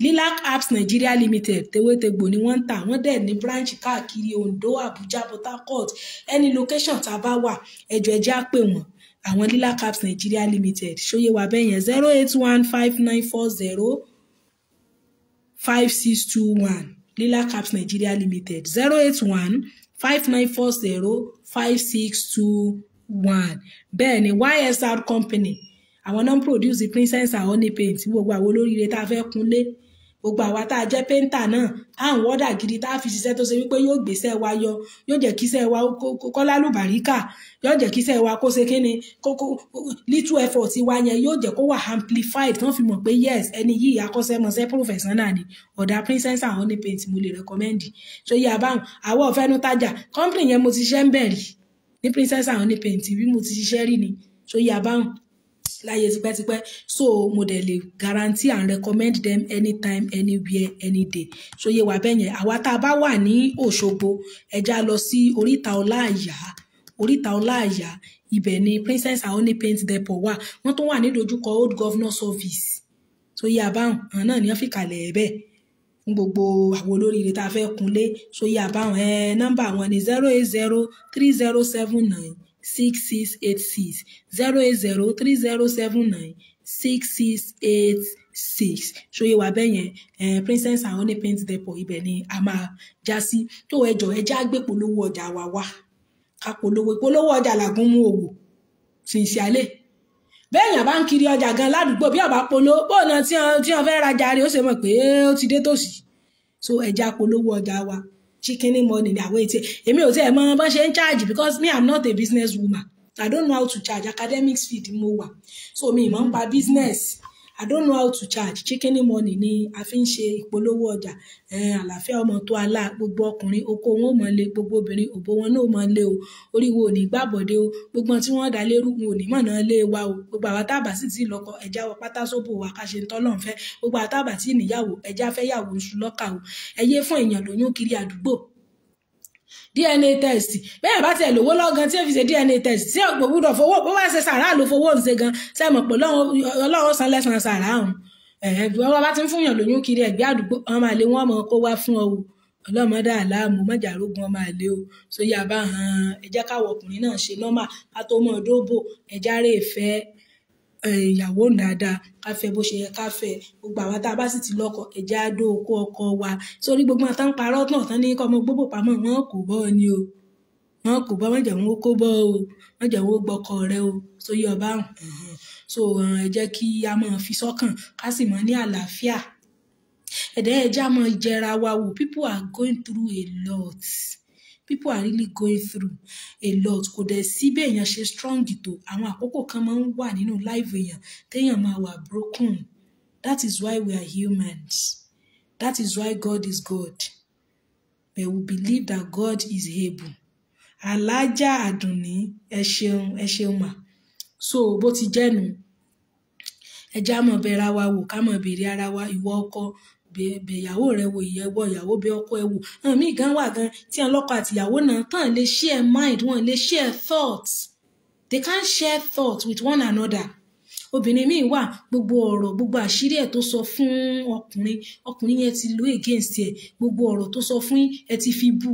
Lilac Apps Nigeria Limited tewétegbò ni wọ́n ń tà wọ́n dẹ̀ ní branch káàkiri Ondo, Abuja, Port Harcourt any location tá a bá wà ẹjọ́ ẹjẹ́ á pè wọ́n àwọn Lilac Apps Nigeria Limited ṣóyè wà bẹ́ẹ̀ yẹn zero eight one five nine four zero five six two one Lilac Apps Nigeria Limited zero eight one five nine four zero five six two one bẹ́ẹ̀ ni YSR Company àwọn náà ń produce princess and honey paint gbogbo àwọn olóríire tá a fẹ́ kunlé gbogbo àwa tá a jẹ́ péńtà náà à ń wọ́dà gidi tá a fi ṣiṣẹ́ tó ṣe wípé yóò gbéṣẹ́ wa yọ yóò jẹ́ kíṣẹ́ wa kó lálùbáríkà yóò jẹ́ kíṣẹ́ wa kó ṣe kíni kókó little effort wa yẹn yóò jẹ́ kó wà amplified tán fi mọ̀ pé yes ẹni yìí akọ́ṣẹ́mọṣẹ́ professional ni ọ̀dà princess and honey paint mo lè recommend so yí abáhùn àwọ̀ ọ̀fẹ́nu tajà company yẹn mo ti ṣiṣẹ́ ń bẹ̀ rí ní princess and honey paint bí mo ti ṣiṣẹ́ rí ni so yí abáhùn láyé tipẹ́tipẹ́ so mo dẹ̀ lè guarantee and recommend them anytime anywhere any day so yé wa bẹ́ẹ̀ yẹn àwa tá a bá wà ní Òṣogbo ẹja lọ sí oríta Ọláìyá oríta Ọláìyá ibẹ̀ ni Princess Aoni paint depot wà wọ́n tún wà ní old governor service so yé abáhùn àwọn náà ni wọ́n fi kalẹ̀ ẹ̀ bẹ́ẹ̀ fún gbogbo àwọn olóríire tá a fẹ́ kunlé so yé abáhùn ẹ̀ nọ́mbà wọn ni zero eight zero three zero seven nine six six eight six zero eight zero three zero seven nine six six eight six ṣòye wà bẹ́ẹ̀ yẹn eh, princess and honey paint depot ibẹ̀ ni a máa já sí tó ẹjọ́ ẹjẹ́ àgbèpolówó ọjà wa wá ká polówó ìpolówó ọjà làgùn mú òwò sincerely bẹ́ẹ̀yàn bá ń kiri ọjà gan ládùúgbò bí ọba polo bóòna tí wọn fẹ́ rajà rẹ̀ ó ṣe mọ̀ pé ó ti dé tòsí so ẹja polówó ọjà wa chicken money ni àwọn ètè èmi ò tẹ́ ẹ̀ mọ bọ́n ṣe charge because me i'm not a business woman i don't know how to charge academics fee mo wà so me, ìmọ̀ ń pa business I don't know how to charge chicken money ni a fi ń ṣe ìpolówó ọjà àlàáfíà ọmọ tó alá gbogbo ọkùnrin oko wọn ò mọ lé gbogbo obìnrin òbó wọn náà ò mọ lé o oríwo ò ní gbàbọ̀dé o gbogbo tí wọ́n dá lérú wọn ò ní mọ̀nà lé wa o gbogbo àwọn tábà sì ti lọ́kọ ẹ̀já wọ pátá sóbò wà ká ṣe ń tọ́lọ̀ fẹ́ gbogbo àwọn tábà tí níyàwó ẹ̀já fẹ́ yàwó oṣù lọ́kà o ẹ̀yẹ fún èèyàn lóyún kiri àdúgbò dna test bẹ́ẹ̀ bá tiẹ̀ lówó lọ́gán tí ó fi ṣe dna test tí ọ̀pọ̀ gbúdọ̀ fowó bó bá ṣe sàrà ló fowó ń ṣe gan ṣe mọ̀ pé ọlọ́run san lẹ́sàn-án sàrà ọ̀hún ẹ̀ẹ́dù ọwọ́ bá ti ń fúnyàn lóyún kiri ẹ̀gbẹ́ àdúgbò ọmọ àlè wọn mọ̀ kó wá fún ọ ọlọ́mọdé àláàmú májàrógun ọmọ àlè o sóyà bá hàn ẹ jẹ́ káwọ ọkùnrin náà ṣe nọ́mà ká tó mọ̀ dóbò ẹ̀já rè fẹ́ ìyàwó dáadáa ká fẹ́ bó ṣe yẹ ká fẹ́ gbogbo àwa tá a bá sì ti lọ́kọ ẹ̀jẹ̀ á dó okó ọkọ wa sórí gbogbo àtàn parọ́ náà tán ní kọ́ ọmọ gbogbo pamọ́ wọn kò bọ́ ọ ni o wọn kò bọ́ wọn jẹ̀ wọn kó bọ́ o wọn jẹ̀ wọn gbọ́kọ rẹ o tó yẹ ọba àrùn so ẹ jẹ́ kí a máa fi sọ́kàn ká sì máa ní àlàáfíà ẹ̀dẹ́ ẹ̀jẹ̀ á máa jẹra wa wò people are going through a lot people are really going through a lot kò dẹ̀ sí bí èèyàn ṣe strong tó àwọn àkókò kan máa ń wà nínú life èèyàn téèyàn máa wà broken that is why we are humans that is why God is God but we believe that God is able alájà àdùnní ẹ ṣeun ẹ ṣeun mà so bó ti jẹ́ nu ẹ já mọ̀ bẹ̀rẹ̀ wa wò ká mọ̀ béèrè ara wa ìwọ ọkọ bẹ ìyàwó rẹ wò ìyẹn ìyàwó bẹ ọkọ ẹ wò hàn mí gan wà gan tí àwọn ọlọ́kọ àti ìyàwó náà tán lè share mind wọn lè share thoughts they can't share thoughts with one another obìnrin míì wà gbogbo ọ̀rọ̀ gbogbo àṣírí ẹ̀ tó sọ fún ọkùnrin ọkùnrin yẹn ti lo against ẹ̀ gbogbo ọ̀rọ̀ tó sọ fún ẹ ti fi bú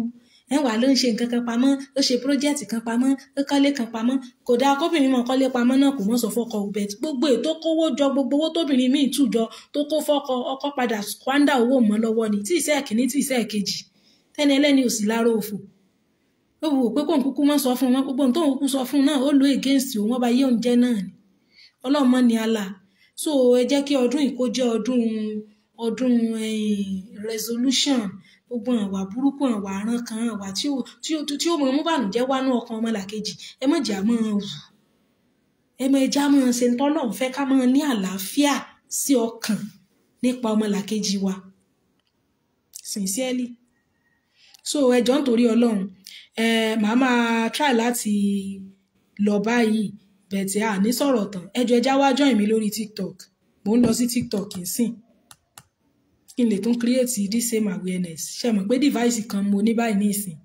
ẹwà ló ń ṣe nǹkan kan pamọ́ ó ṣe pírójẹ́tì kan pamọ́ ó kọ́lé kan pamọ́ kò dáa kóbìnrin mọ̀ kọ́lé pamọ́ náà kò mọ̀ sọ fọ́kọ ọ̀bẹ gbogbo ètò kówó jọ gbogbo owó tóbìnrin míì tù jọ tó kó fọ́kọ ọkọ padà kwanda owó mọ́ lọ́wọ́ ni tí ìṣe ẹ̀kíní tí ìṣe ẹ̀kejì tẹ́ni ẹlẹ́ni ò sì lára òfò ó wù pé kóun kúkú mọ́ sọ fún wọn gbogbo tóun kúkú sọ fún náà ó lo against òun ọba yé oúnjẹ náà ni ọlọ́mọ ni ala so ẹ jẹ́ kí ọdún ìkó jẹ́ ọdún ọdún resolution gbogbo ìwà burúkú ìwà aràn kan ìwà tí ó tí ó tí ó mọ mú bànújẹ́ wánú ọkàn ọmọlàkejì ẹ má jà máa wù ẹ má jà máa ṣe tọ́lọ̀ ń fẹ́ ká máa ní àlàáfíà sí ọkàn nípa ọmọlàkejì wa sincerely so ẹjọ́ nítorí ọlọ́run ẹ màá máa try láti lọ báyìí bẹ̀tẹ̀ à ní sọ̀rọ̀ tán ẹjọ́ ẹjá wá join mi lórí tiktok mò ń lọ sí tiktok nsìn kí n lè tún create this same awareness ṣe mọ̀ pé device kan mo ní báyìí ní ìsìn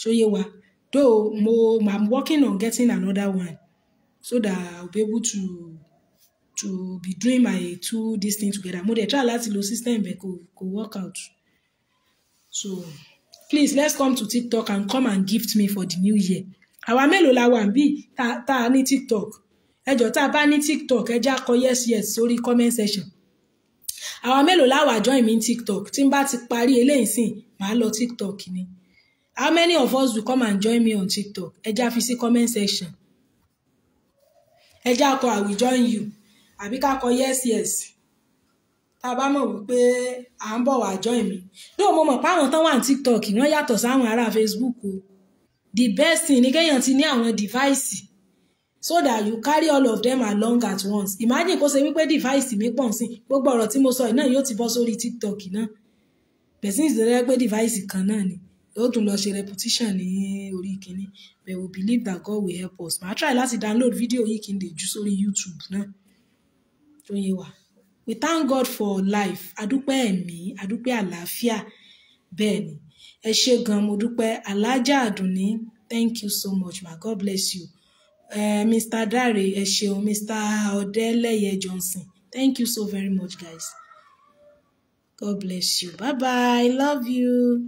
ṣóyé wa though mo i'm working on getting another one so that i'll be able to to be doing my two this thing together mo dey try láti lo system bẹ̀ kò kò work out so please let's come to tiktok and come and gift me for the new year àwa mélòó la wà bí tá a ní tiktok ẹ jọ̀ọ́ tá a bá ní tiktok ẹ já yes yes sórí comment section àwa mélòó láwà join mi tiktok tí n bá ti parí eléyìí sìn màá lọ tiktok ni how many of us will come and join me on tiktok ẹ já fi sí comment section ẹ já kọ i will join you àbí ká kọ yes yes tá a bá mọ̀ wípé à ń bọ̀ wá join mi lóò mo mọ̀ páwọn tán wà ní tiktok wọ́n yàtọ̀ sáwọn ará facebook o the best thing ni kéèyàn ti ní àwọn device so that you carry all of them along at once imagine kó ṣe wípé device mi pọ̀ sí gbogbo ọ̀rọ̀ tí mo sọ yìí náà yóò ti bọ́ sórí tiktok náà person is there pé device kan náà ni yóò tún lọ ṣe repetition ní orí kínní but we believe that God will help us màá try láti download video yìí kí n lè jù sórí YouTube náà tó yé wa we thank God for life adúpẹ́ ẹ̀mí adúpẹ́ àlàáfíà bẹ́ẹ̀ ni ẹ ṣé gan mo dúpẹ́ alájà àdùnní thank you so much ma God bless you. Mr. Dare ẹ ṣeun Mr. Odeleye Johnson thank you so very much guys God bless you bye bye I love you.